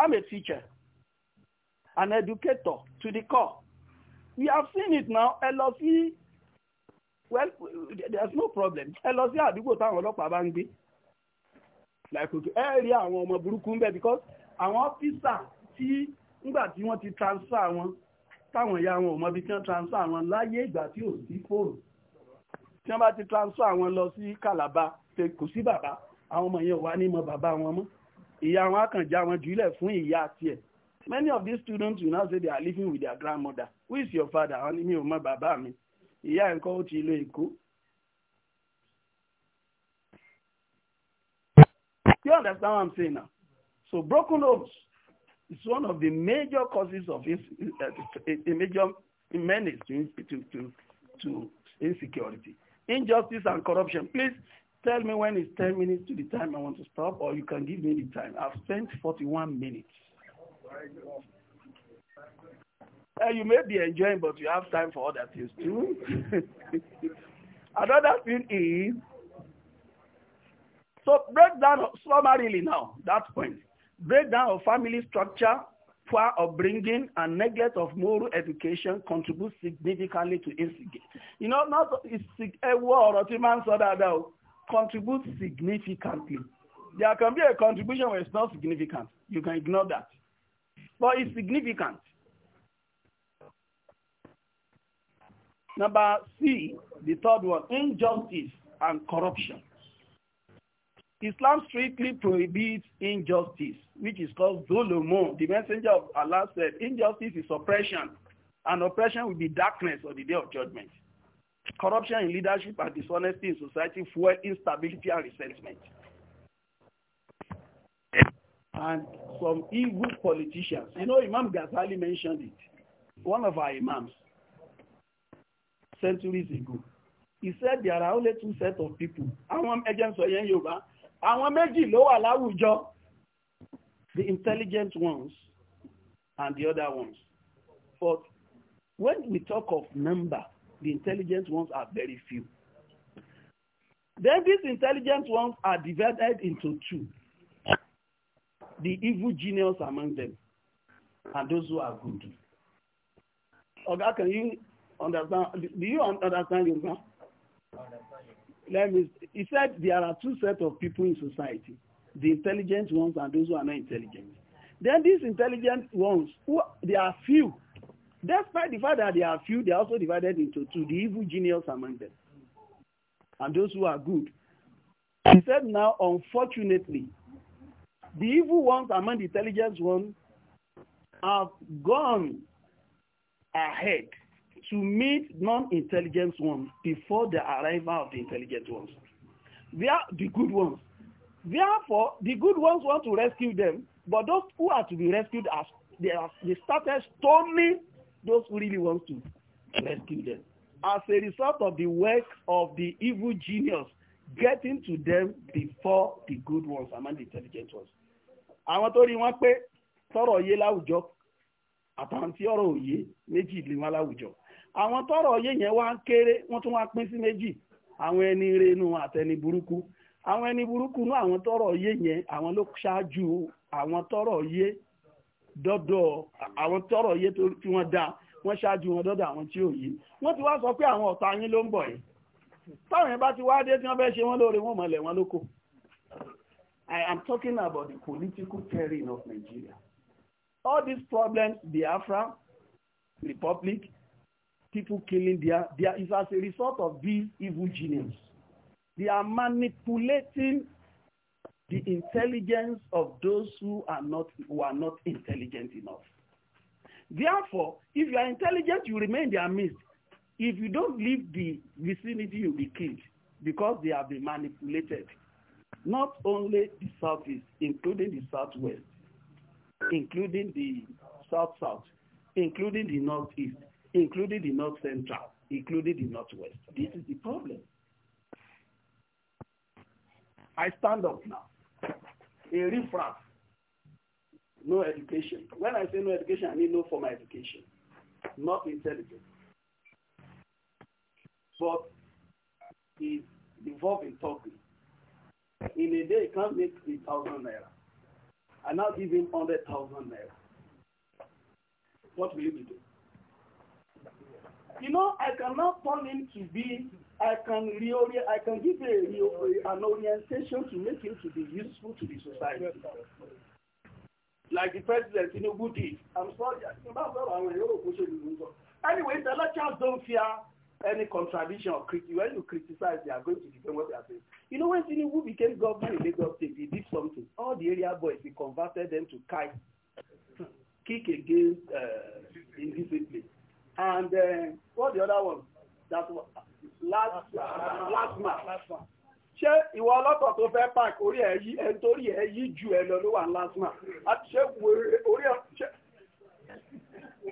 I'm a teacher an educator to the core we have seen it now ẹ lọ sí well there's no problem ẹ lọ sí àdúgbò táwọn ọlọ́pàá bá ń gbé like okay ẹ rí àwọn ọmọ burúkú ń bẹ because àwọn ọ́fíìsà tí nígbà tí wọ́n ti transfer wọn táwọn ìyá wọn ò mọ bí tí wọ́n transfer wọn láyé ìgbà tí ò sí fóònù tí wọ́n bá ti transfer wọn lọ sí Calabar kò sí bàbá àwọn ọmọ yẹn ò wá ní mọ bàbá wọn mọ́ ìyá wọn á kàn já wọn jùlẹ̀ fún ìyá tiẹ̀ many of these students will now say they are living with their grandmother who is your father àwọn ni mi ò mọ bàbá mi ìyá ẹ̀ ó ti lọ èkó. you understand what I'm saying now so broken homes is one of the major causes of a, eh, eh, a major menace to, to, to, to insecurity injustice and corruption please tell me when it's ten minutes to the time I want to stop or you can give me the time I've spent forty-one minutes. Uh, you may be enjoying, but you have time for other things too. Another thing is, so break down summarily now, that point. Breakdown of family structure, poor upbringing, and neglect of moral education contribute significantly to instigate. You know, not a war or human so that contribute significantly. There can be a contribution where it's not significant. You can ignore that but it's significant. Number C, the third one, injustice and corruption. Islam strictly prohibits injustice, which is called Zolomo. The messenger of Allah said, injustice is oppression, and oppression will be darkness on the day of judgment. Corruption in leadership and dishonesty in society fuel instability and resentment and some evil politicians. You know, Imam Ghazali mentioned it, one of our imams, centuries ago. He said there are only two sets of people. Àwọn agents sọ yẹn Yorùbá, àwọn méjì ló wà láwùjọ. The intelligent ones and the other ones. But when we talk of number, the intelligent ones are very few. Then these intelligent ones are divided into two the evil genius among them and those who are good. Oga, can you understand? Do you understand Yoruba? Let me. He said there are two sets of people in society: the intelligent ones and those who are not intelligent. Then these intelligent ones, who they are few. Despite the fact that they are few, they are also divided into two: the evil genius among them, and those who are good. He said, now, unfortunately, The evil ones among the intelligent ones have gone ahead to meet non-intelligent ones before the arrival of the intelligent ones. They are the good ones. Therefore, the good ones want to rescue them, but those who are to be rescued are they, are, they started stoning those who really want to rescue them. As a result of the work of the evil genius getting to them before the good ones among the intelligent ones àwọn tó rí wọn pé tọrọ yé láwùjọ àtàwọn tí ọ̀rọ̀ òye méjì lé wọn láwùjọ àwọn tọrọ òye yẹn wá ń kéré wọn tún wá pín sí méjì àwọn ẹni renu àtẹni burúkú àwọn ẹni burúkú náà àwọn tọrọ òye yẹn àwọn ló ṣáájú àwọn tọrọ òye dọdọ àwọn tọrọ òye tí wọn dá wọn ṣáájú wọn dọdọ àwọn tí ò yé wọn ti wá sọ pé àwọn ọ̀tá yín ló ń bọ̀ yìí táwọn yẹn bá ti wá dé tí wọn fẹ́ ṣe wọn lóore wọn mọ̀lẹ̀ wọn lóko I am talking about the political terrain of Nigeria. All these problems, Biafra, Republic, people killing there, there is as a result of these evil geniuses. They are manipulating the intelligence of those who are not who are not intelligent enough. Therefore, if you are intelligent, you remain their midst. If you don't leave the vicinity, you'll be killed because they have been manipulated. not only the southeast, including the southwest, including the south-south, including the northeast, including the north central, including the northwest. This is the problem. I stand up now. A refrain. No education. When I say no education, I mean no formal education. Not intelligent. But it's involved in talking. In a day, he can't make 3,000 naira. I now give him 100,000 naira. What will he do? You know, I cannot turn him to be, I can reorient, I can give a, an orientation to make him to be useful to the society. Like the president Tinubu did. I'm sorry, I I'm going Anyway, the lecturers don't fear any contradiction or critique when you criticize they are going to defend what they are saying you know when Tinubu became governor in Lagos state he did something all the area boys he converted them to kite kick against uh, indiscipline and uh, what the other one that was last last man ṣé ìwọ ọlọ́tọ̀ tó fẹ́ park orí yí ẹ̀ nítorí ẹ̀ yí ju ẹ lọ ló wà last man àti ṣé orí ẹ̀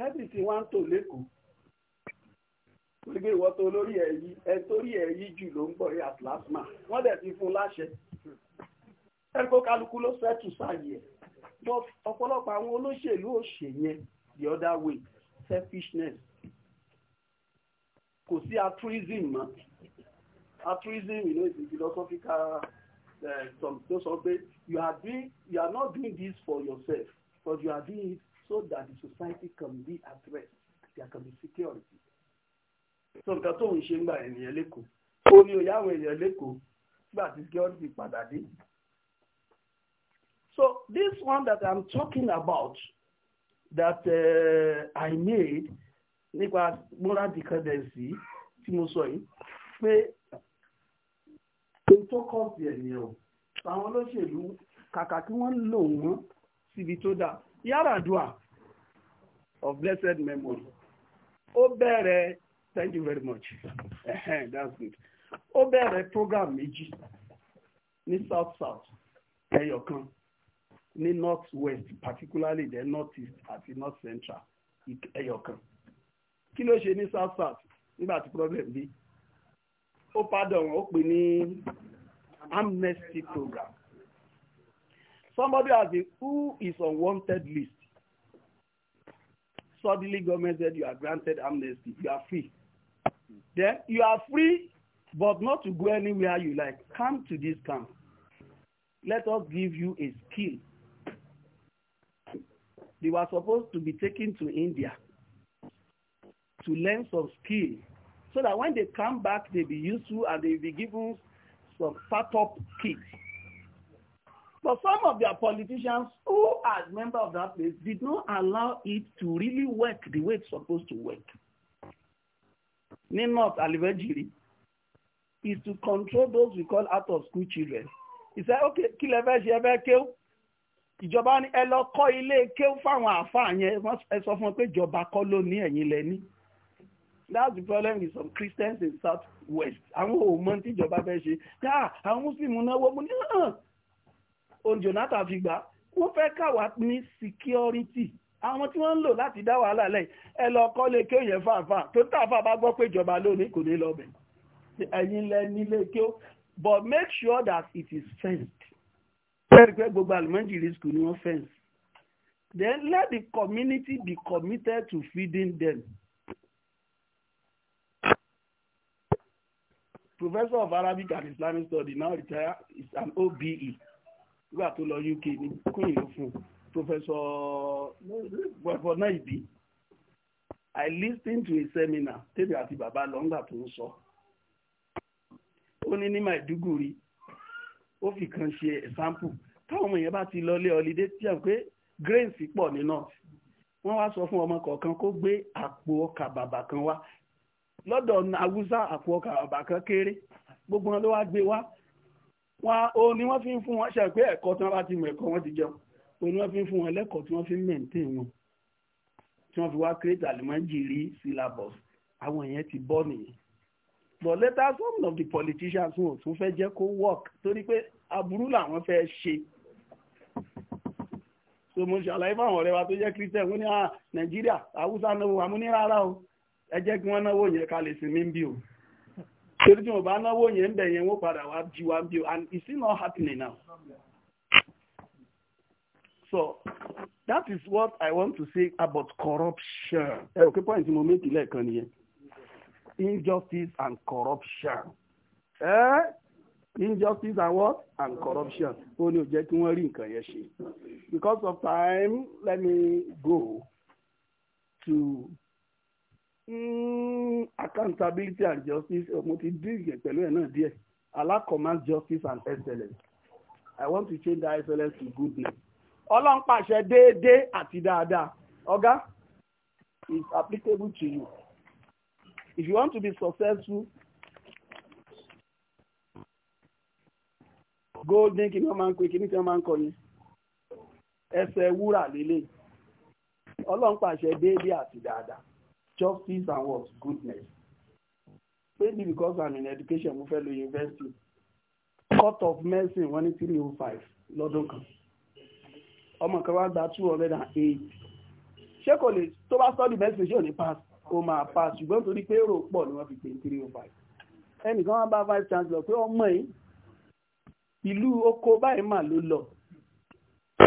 tábìsì wa ń tò lẹ́kọ̀ọ́ gbígbé ìwọ tó lórí ẹ̀ yí ẹ torí ẹ̀ yí jù ló ń bọ̀ rí atlasma wọ́n dẹ̀ ti fún láṣẹ ẹ̀kọ́ kálukú ló sẹ́tù sáàyè ẹ̀ ọ̀pọ̀lọpọ̀ àwọn olóṣèlú òṣè yẹn the other way selfishness kò sí altruism mọ́ altruism you know is a philosophical uh, some tó sọ you are doing you are not doing this for yourself but you are doing it so that the society can be at rest there can be security. so nǹkan tó ń ṣe ń gba ènìyàn lẹ́kọ̀ọ́ ó ní òyà àwọn ènìyàn lẹ́kọ̀ọ́ nígbà tí security padà dé. so this one that i'm talking about that uh, i made nípa moral decadency tí mo sọ yìí pé ohun tó kọ́ sí ènìyàn o àwọn olóṣèlú kàkà kí wọ́n lò wọ́n síbi tó dáa yàrá dùà of blessed memory ó bẹ̀rẹ̀ thank you very much that's good ó bẹ̀rẹ̀ program méjì ní south south ẹyọ kan ní north west particularly the north east àti north central ẹyọ kan kí ló ṣe ní south south nígbà tí problem bí ó pardon ó pè ní amnesty program somebody has been who is on wanted list suddenly government said you are granted amnesty, you are free. Then you are free, but not to go anywhere you like. Come to this camp. Let us give you a skill. They were supposed to be taken to India to learn some skill so that when they come back, they be useful and they be given some startup kits But some of their politicians who as members of that place did not allow it to really work the way it's supposed to work. Name not Alivejiri is to control those we call out of school children. He said, okay, kí lẹ fẹ́ ṣe ẹ fẹ́ kéw. Ìjọba ni ẹ lọ kọ́ ilé kéw fáwọn àáfàá yẹn. Ẹ sọ fún wọn pé ìjọba kọ́ ló ní ẹ̀yin That's the problem with some Christians in South West. Àwọn òmò tí ìjọba fẹ́ ṣe. Yá àwọn Mùsùlùmí náwó mú ní hàn òun fi gbà wọ́n fẹ́ káwa ní security àwọn tí wọ́n ń lò láti dá wàhálà lẹ́yìn ẹ lọ kọ́ lé kí ó fàáfà tó tàfà bá gbọ́ pé ìjọba lónìí kò ní lọ bẹ̀ ẹ̀yin lẹ nílé kí ó but make sure that it is fenced fẹ́ẹ̀rí pé gbogbo elementary school ni wọ́n fence then let the community be committed to feeding them. Professor of Arabic and Islamic Studies now retired is an OBE nígbà tó lọ UK ní kúnyìn ló fún professor pọ̀pọ̀ náà ìbí I listened to a seminar tèmi àti bàbá lọ ńgbà tó ń sọ ó ní ní Maiduguri ó fi kan ṣe ẹ̀sáǹpù táwọn ọmọ yẹn bá ti lọ lé ọlídé tí à ń pé grains pọ̀ ní north wọ́n wá sọ fún ọmọ kọ̀ọ̀kan kó gbé àpò ọkà bàbà kan wá lọ́dọ̀ haúsá àpò ọkà bàbà kan kéré gbogbo wọn ló wá gbé wá wọn o ni wọ́n fi ń fún wọn ṣe pé ẹ̀kọ́ tí wọ́n bá ti mọ̀ ẹ̀kọ́ wọn ti jẹun o ni wọ́n fi ń fún wọn lẹ́kọ̀ọ́ tí wọ́n fi ń maintain wọn tí wọ́n fi wá create alimanjiri syllabus àwọn èèyàn ti bọ́ nìyẹn but later some of the politicians wọn ò tún fẹ́ jẹ́ kó work torí pé aburú làwọn fẹ́ ṣe so mo ṣàlàyé fáwọn ọ̀rẹ́ wa tó jẹ́ christian wọ́n ní ah, nàìjíríà haúsá náwó àmúníràrà o ẹ jẹ́ kí wọ́n náwó yẹn ká lè sinmi bí o torí tí mo bá náwó yẹn ń bẹ̀ yẹn wọ́n padà wá jí wá bí o and it's still not happening now. So that is what I want to say about corruption. Ẹ ò kí point mo méjì lẹ́ẹ̀kan nìyẹn. Injustice and corruption. Eh? Injustice and what? And corruption. Ó ní ò kí wọ́n rí nǹkan yẹn ṣe. Because of time, let me go to Hmm, accountability and justice eh, mo ti díìgì pẹ̀lú ẹ̀ náà díẹ̀ alakoman justice and excellence i want to change that excellence to goodness ọlọ́run pàṣẹ déédéé àti dáadáa ọ̀gá is applicable to you if you want to be successful golden kí ni wọ́n máa ń pè kí ni tí wọ́n máa ń kọ yín ẹsẹ̀ wúrà lélẹ̀ ọlọ́run pàṣẹ àti dáadáa justice and what goodness maybe because i'm in education mo fẹ́ lọ university court of medicine wọ́n ní three oh five lọ́dún kan ọmọ kan wá gba two hundred and eight ṣé kò lè tó bá study medicine ṣé ò ní pass ó máa pass ṣùgbọ́n torí pé èrò pọ̀ ni wọ́n fi pè ní three oh five ẹnìkan wá bá vice chancellor pé ọmọ yìí ìlú oko báyìí mà ló lọ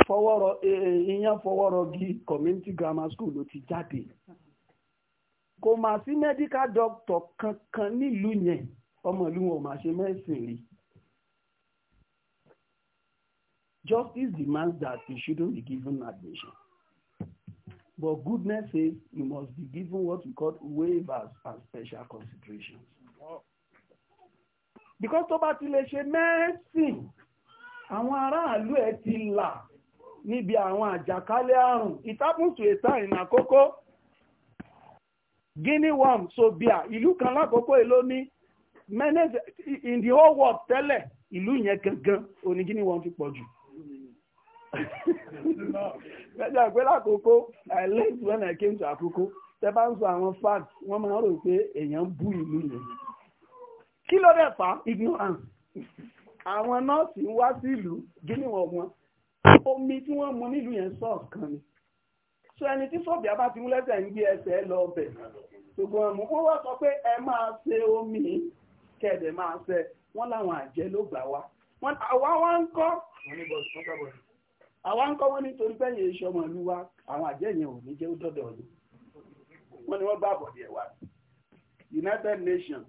fọwọ́rọ̀ eh, eh, ìyẹn fọwọ́rọ̀ gi community grammar school ló ti jáde kò mà sí medical doctor kankan nílùú yẹn ọmọ wọn ò mà ṣe mẹ́sìn rí justice demands that you shouldn't be given admission but goodness says you must be given what we call waivers and special considerations because tó bá ti lè ṣe mẹ́sìn àwọn aráàlú ẹ̀ ti là níbi àwọn àjàkálẹ̀ àrùn it happens to a time àkókò guinea worm sobia ìlú kan lákòókò èlò ní menace in the whole world tẹ́lẹ̀ ìlú yẹn gangan òní guinea worm ti pọ̀ jù. gbẹ́jà pé lákòókò i learned when i came to àkókò tẹ bá ń sọ àwọn facts wọ́n máa ń rò pé èèyàn bú ìlú yẹn. kí ló dẹ̀ fà ignorance àwọn nọ́ọ̀sì ń wá sí ìlú guinea worm wọn omi tí wọ́n mu nílùú yẹn sọ̀kan ni so ẹni tí sọ̀bì abá ti mú lẹ́sẹ̀ ń gbé ẹsẹ̀ lọ bẹ̀ ṣùgbọ́n ẹ̀mú kó wá sọ pé ẹ máa ṣe omi kẹ̀dẹ̀ máa ṣe wọ́n láwọn àjẹ́ ló gbà wá àwa wá ń kọ́ àwa ń kọ́ wọ́n nítorí pé yẹn iṣẹ́ ọmọ ìlú wa àwọn àjẹ́ yẹn ò ní jẹ́ ó dọ́dọ̀ ọ̀lú wọ́n ni wọ́n bá àbọ̀dì ẹ̀ wá United Nations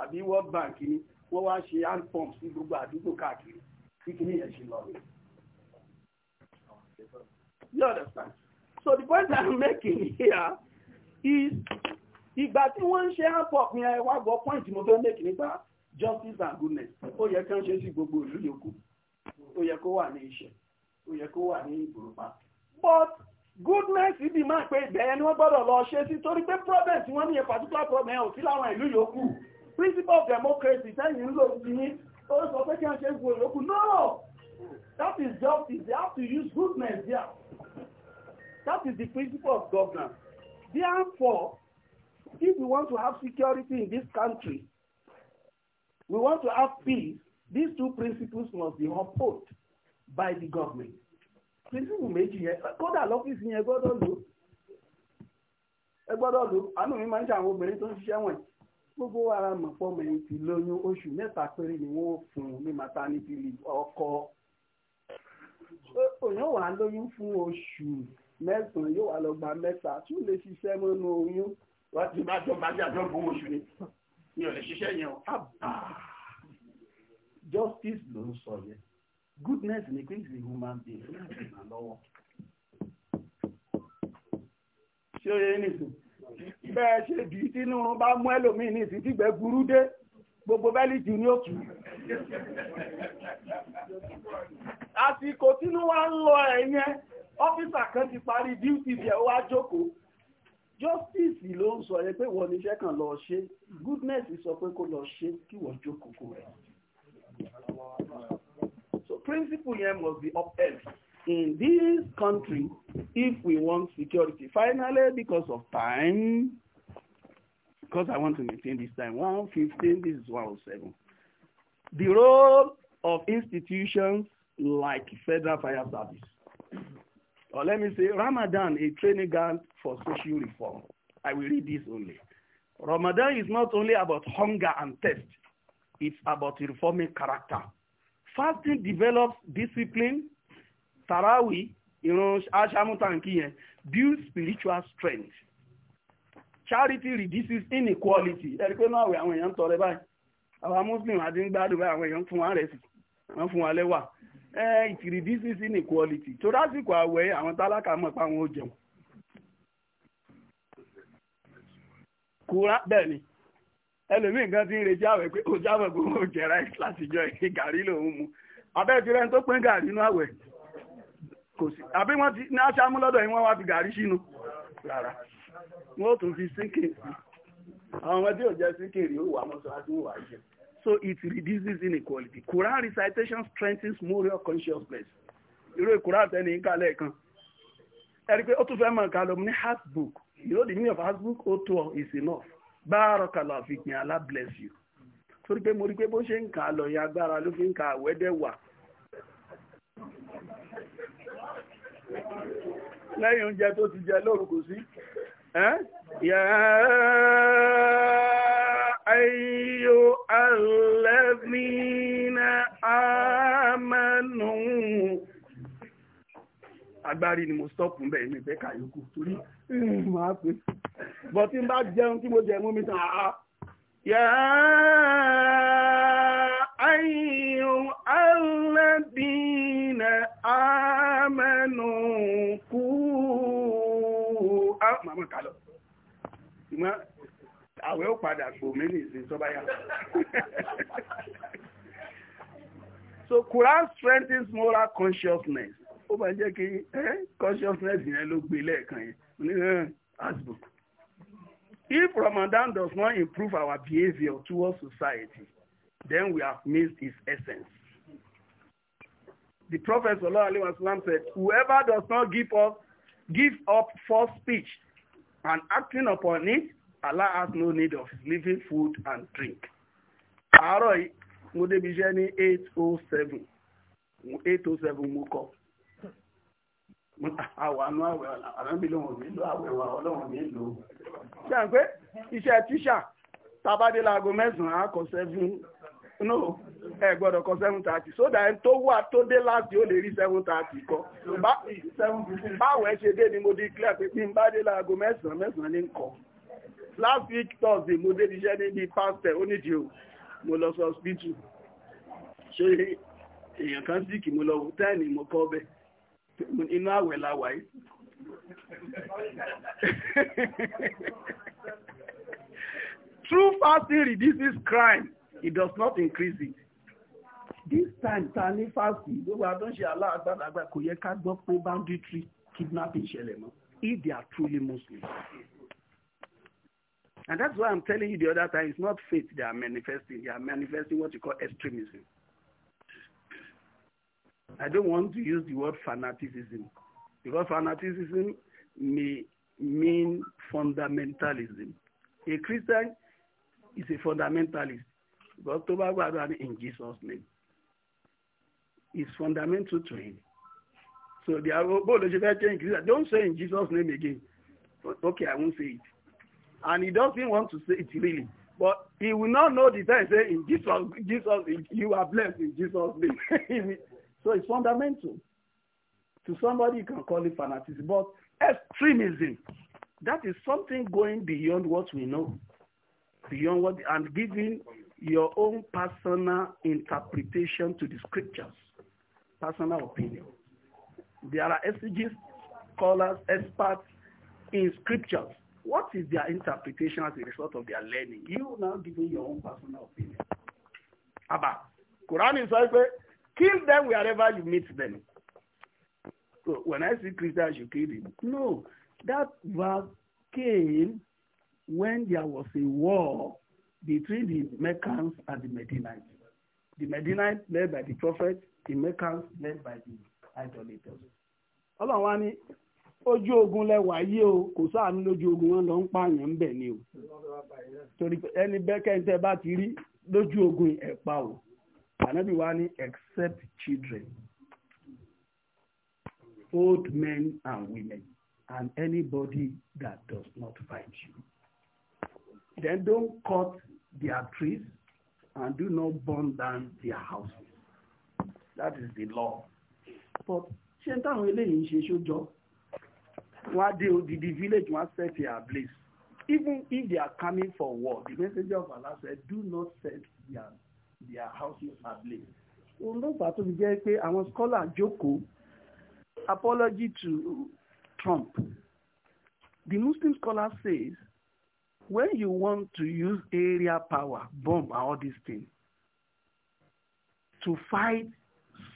àbí World Bank ni wọ́n wá ṣe hand pump sí gbogbo àdúgbò káàkiri kíkiri yẹn ṣe lọ rí. you understand? So the point I'm making here is ìgbà tí wọ́n ń ṣe hapop ní ẹwà gbọ́ point mo fẹ́ make nípa justice and goodness ó yẹ kí wọ́n ṣe sí gbogbo ìlú yòókù ó yẹ kó wà ní iṣẹ́ ó yẹ kó wà ní ìgbòròpá but goodness ibi máa pé ìbẹ̀yẹ ni wọ́n gbọ́dọ̀ lọ ṣe sí torí pé problem tí wọ́n ní yẹn particular problem ò sí láwọn ìlú yòókù principle of democracy sẹ́yìn ń lò sí ní ó sọ pé kí wọ́n ṣe gbogbo ìlú yòókù no that is justice they have to use goodness there. That is the principle of governance. Therefore, if we want to have security in this country, we want to have peace, these two principles must be upheld by the government. Principle méjì yẹn, kódà lọ́fíìsì yẹn gbọ́dọ̀ lò. Ẹ gbọ́dọ̀ lò, àánú mi máa ń ṣe àwọn obìnrin tó ń ṣiṣẹ́ wọ̀nyí. Gbogbo ara mọ̀ fọ́mọ ẹni lóyún oṣù mẹ́ta péré ni wọ́n fún un ní maternity leave ọkọ. Òyìnbó wà lóyún fún oṣù mẹ́sàn yóò wá lọ gba tún lè ṣiṣẹ́ mọ́nú oyún wọ́n ti bá jọba bí àjọ gbowó oṣù ni mi ò lè ṣiṣẹ́ yẹn o justice ló ń sọ yẹn goodness ni pé ìsìn human being ní àgbà lọ́wọ́ ṣé ó yẹ nìsín bẹ́ẹ̀ ṣe bí tínú bá mú ẹlòmíì ní ìsìn tìgbẹ́ burú dé gbogbo bẹ́ẹ̀lì jù ní òkú àsìkò tínú wa ń lọ ẹ̀yẹn ọ́fíìsà kan ti parí duty rẹ̀ ó wá jókòó justice ló ń sọ yẹ pé wọ́n níṣẹ́ kan lọ ṣe goodness sọ pé kó lọ ṣe kí wọ́n jókòó rẹ̀ so principle yẹn must be upheld in this country if we want security finally because of time because I want to maintain this time one fifteen this is one oh seven the role of institutions like federal fire service or let me say Ramadan, a training ground for social reform. I will read this only. Ramadan is not only about hunger and thirst. It's about reforming character. Fasting develops discipline. Tarawi, you know, Ashamutankiyen, builds spiritual strength. Charity reduces inequality. Ẹ̀rí pé náà àwọn èèyàn ń tọrẹ báyìí. Muslim àti ń gbádùn báyìí àwọn it reduces inequality tó lásìkò àwẹ̀ àwọn tálákà mọ̀ pé àwọn ò jẹun. kúrá bẹẹni. ni ẹlòmíì ti ń retí àwẹ̀ pé ó jábọ̀ pé lati jẹ rice látijọ́ ìdí gàrí mu abẹ́ẹ̀ ti rẹ́ni tó pín gàrí nínú àwẹ̀ kò sí àbí wọ́n ti ní aṣáámú lọ́dọ̀ yìí wọ́n wá fi gàrí sínú rárá wọ́n ó tún fi sínkì àwọn ọmọdé ò so it reduces inequality Quran recitation strengthens moral consciousness irú ìkúrá àtẹni ìkàlẹ̀ kan ẹ̀rí pé ó tún fẹ́ mọ̀ ká lọ ní hasbook you know the meaning of hasbook ó tó ọ is enough bárakàlà àfihàn Allah bless you torí pé mo rí pé bó ṣe ń kà á lọ yẹn agbára ló fi ń kà àwẹ́dẹ́ wà lẹ́yìn oúnjẹ tó ti jẹ lóru kò sí yẹ́ẹ́. أيها الذين آمنوا agbárí ni mo stop ń bẹ̀ ní ìbẹ́ka yòókù torí máa pè bọ́ tí n bá jẹun tí mo jẹ mú mi tàn á. yà á ayò alẹ́bìnà àmẹ́nu kú. màmá kà lọ àwẹ̀ ó padà gbòmí nìsín tó bá yá. so Quran strengthens moral consciousness ó máa jẹ́ kí consciousness yẹn ló gbé lẹ́ẹ̀kan yẹn ní hasbook. If Ramadan does not improve our behavior towards society, then we have missed its essence. The Prophet sallallahu alaihi wasallam said, "Whoever does not give up, give up false speech and acting upon it Allah has no need of living food and drink. àárọ̀ yìí mo débi iṣẹ́ ní eight oh seven eight oh seven mo kọ́ àwọn àánú àwẹ̀ àlọ́mí lòun mi lò àwẹ̀ wà ọlọ́run mi lò. ṣe à ń pé iṣẹ́ tíṣà tabadé laago mẹ́sàn-án kọ seven no ẹ gbọ́dọ̀ kọ seven thirty so that ẹni tó wà tó dé láti ó lè rí seven thirty kọ báwo ẹ ṣe dé ni mo di clear pé bí n bá dé laago mẹ́sàn-án mẹ́sàn-án ní n last week thursday mo dé iṣẹ́ níbi pásítẹ̀ ó nídìí o mo lọ sọ hospital ṣe èèyàn kan sí kì mo lọ wò tẹ́ẹ̀nì mo kọ́ bẹ̀ inú àwẹ̀ la wà yìí true fasting reduces crime it does not increase it this time ta ní fasting gbogbo àtúnṣe aláàgbàdàgbà kò yẹ ká gbọ́ pé banditry kidnapping ṣẹlẹ̀ mọ́ if they are truly Muslims And that's why I'm telling you the other time, it's not faith they are manifesting. They are manifesting what you call extremism. I don't want to use the word fanaticism because fanaticism may mean fundamentalism. A Christian is a fundamentalist because Toba Gwadwani in Jesus' name is fundamental to him. So they are, oh, don't say in Jesus' name again. Okay, I won't say it. and he doesn't want to say it really. But he will not know the time say in Jesus, Jesus, you are blessed in Jesus' name. so it's fundamental. To somebody you can call it fanaticism, but extremism, that is something going beyond what we know, beyond what and giving your own personal interpretation to the scriptures, personal opinion. There are exegetes, scholars, experts in scriptures What is their interpretation as a result of their learning? You now giving your own personal opinion. Abba, Quran is like, kill them wherever you meet them. So when I see Christians, you kill them. No, that verse came when there was a war between the Meccans and the Medinites. The Medinites led by the prophet, the Meccans led by the idolaters. Ọlọ́run wa ni ojú ogun lẹwà yìí o kò sáàánú lójú ogun wọn lọ ń pààyàn ń ni o torí ẹni bẹ́kẹ́ńtẹ́ bá ti rí lójú ogun ẹ̀ o ànábì wa ní except children old men and women and anybody that does not fight you then don't cut their trees and do not burn down their houses that is the law but ṣé táwọn eléyìí ń ṣe sójọ́ wọ́n á dé odidi village wọ́n á set their ablaze even if they are coming for war the messenger of Allah said do not set their their houses ablaze. òun ló fà á tó fi jẹ́ pé àwọn scholar jókòó apology to Trump the Muslim scholar says when you want to use area power, bomb and all these things, to fight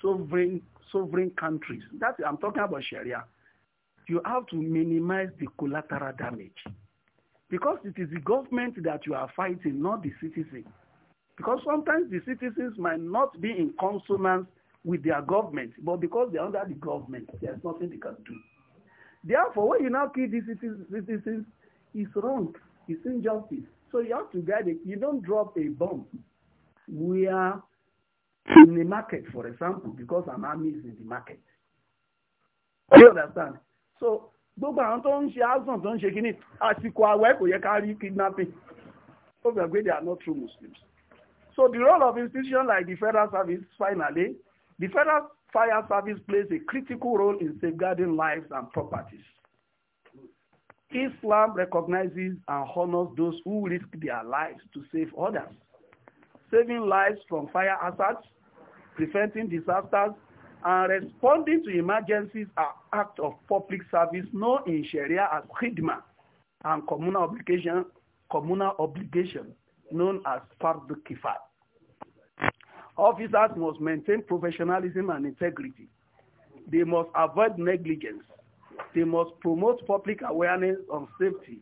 sovereign sovereign countries, that I'm talking about Sharia, you have to minimize the collateral damage because it is the government that you are fighting, not the citizen. Because sometimes the citizens might not be in consonance with their government, but because they are under the government, there's nothing they can do. Therefore, when you now kill these citizens, it's wrong, it's injustice. So you have to guide it. You don't drop a bomb. We are in the market, for example, because an army is in the market. Do you understand? so gbogbo àwọn tó ń ṣe azan tó ń ṣe kíní àsìkò àwẹ̀ kò yẹ ká rí kidnapping ó gbà pé they are not true Muslims so the role of institution like the federal service finally the federal fire service plays a critical role in safeguarding lives and properties Islam recognizes and honors those who risk their lives to save others saving lives from fire hazards preventing disasters and responding to emergencies are acts of public service known in Sharia as khidma and communal obligation, communal obligation known as fardu kifaya. Officers must maintain professionalism and integrity. They must avoid negligence. They must promote public awareness on safety.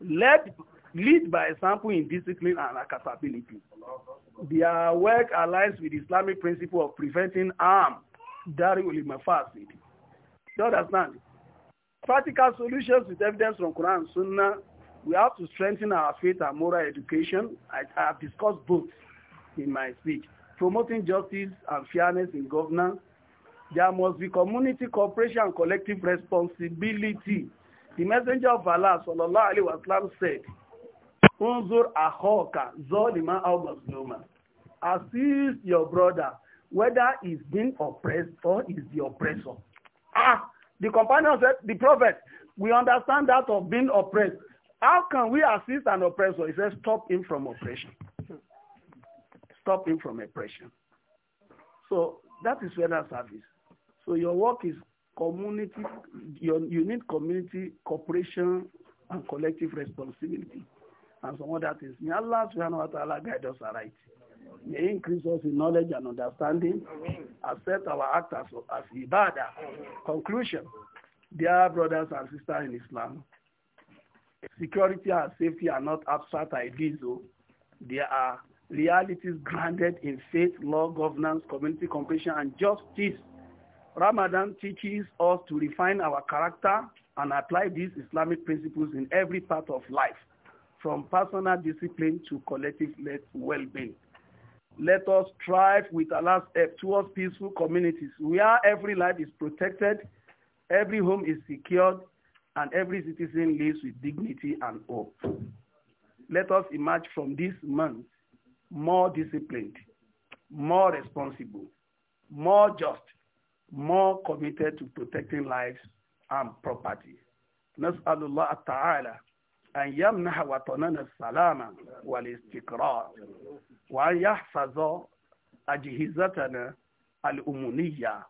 Lead, lead by example in discipline and accountability. Their work aligns with Islamic principle of preventing harm dari ulimafasi do you understand practical solutions with evidence from Quran and Sunnah we have to strengthen our faith and moral education I, I have discussed both in my speech promoting justice and fairness in governance there must be community cooperation and collective responsibility. The messenger of Allah sallallahu alaihi wasallam said, "Unzur akhoka zolima al-mazluma." Assist your brother whether he's being oppressed or is the oppressor. Ah, the companion said, the prophet, we understand that of being oppressed. How can we assist an oppressor? He says, stop him from oppression. Stop him from oppression. So that is where federal service. So your work is community, you need community cooperation and collective responsibility and some other things. May Allah subhanahu wa ta'ala guide us right. May increase us in knowledge and understanding. Amen. Accept our act as, as ibadah. Conclusion. Dear brothers and sisters in Islam, security and safety are not abstract ideas. They are realities grounded in faith, law, governance, community compassion, and justice. Ramadan teaches us to refine our character and apply these Islamic principles in every part of life, from personal discipline to collective well-being. let us strive with Allah's help towards peaceful communities where every life is protected, every home is secured, and every citizen lives with dignity and hope. Let us emerge from this month more disciplined, more responsible, more just, more committed to protecting lives and property. نسأل الله تعالى أن يمنح وطننا السلام والاستقرار وأن يحفظ أجهزتنا الأمنية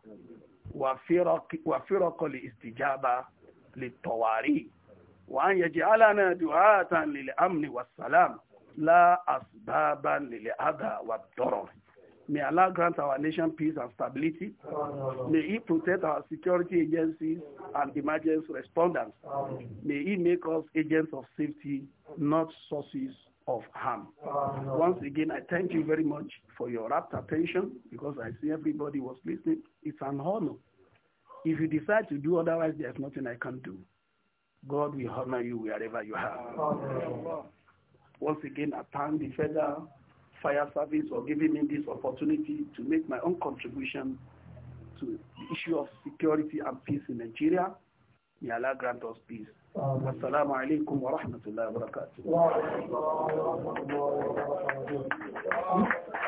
وفرق, وفرق الاستجابة للطوارئ وأن يجعلنا دعاة للأمن والسلام لا أسبابا للأذى والضرر May Allah grant our nation peace and stability. May He protect our security agencies and emergency responders. May He make us agents of safety, not sources of harm. Once again, I thank you very much for your rapt attention because I see everybody was listening. It's an honor. If you decide to do otherwise, there's nothing I can do. God will honor you wherever you are. Once again, I thank the federal fire service for giving me this opportunity to make my own contribution to the issue of security and peace in Nigeria. May Allah grant us peace. Assalamu alaikum wa rahmatullahi wa barakatuh.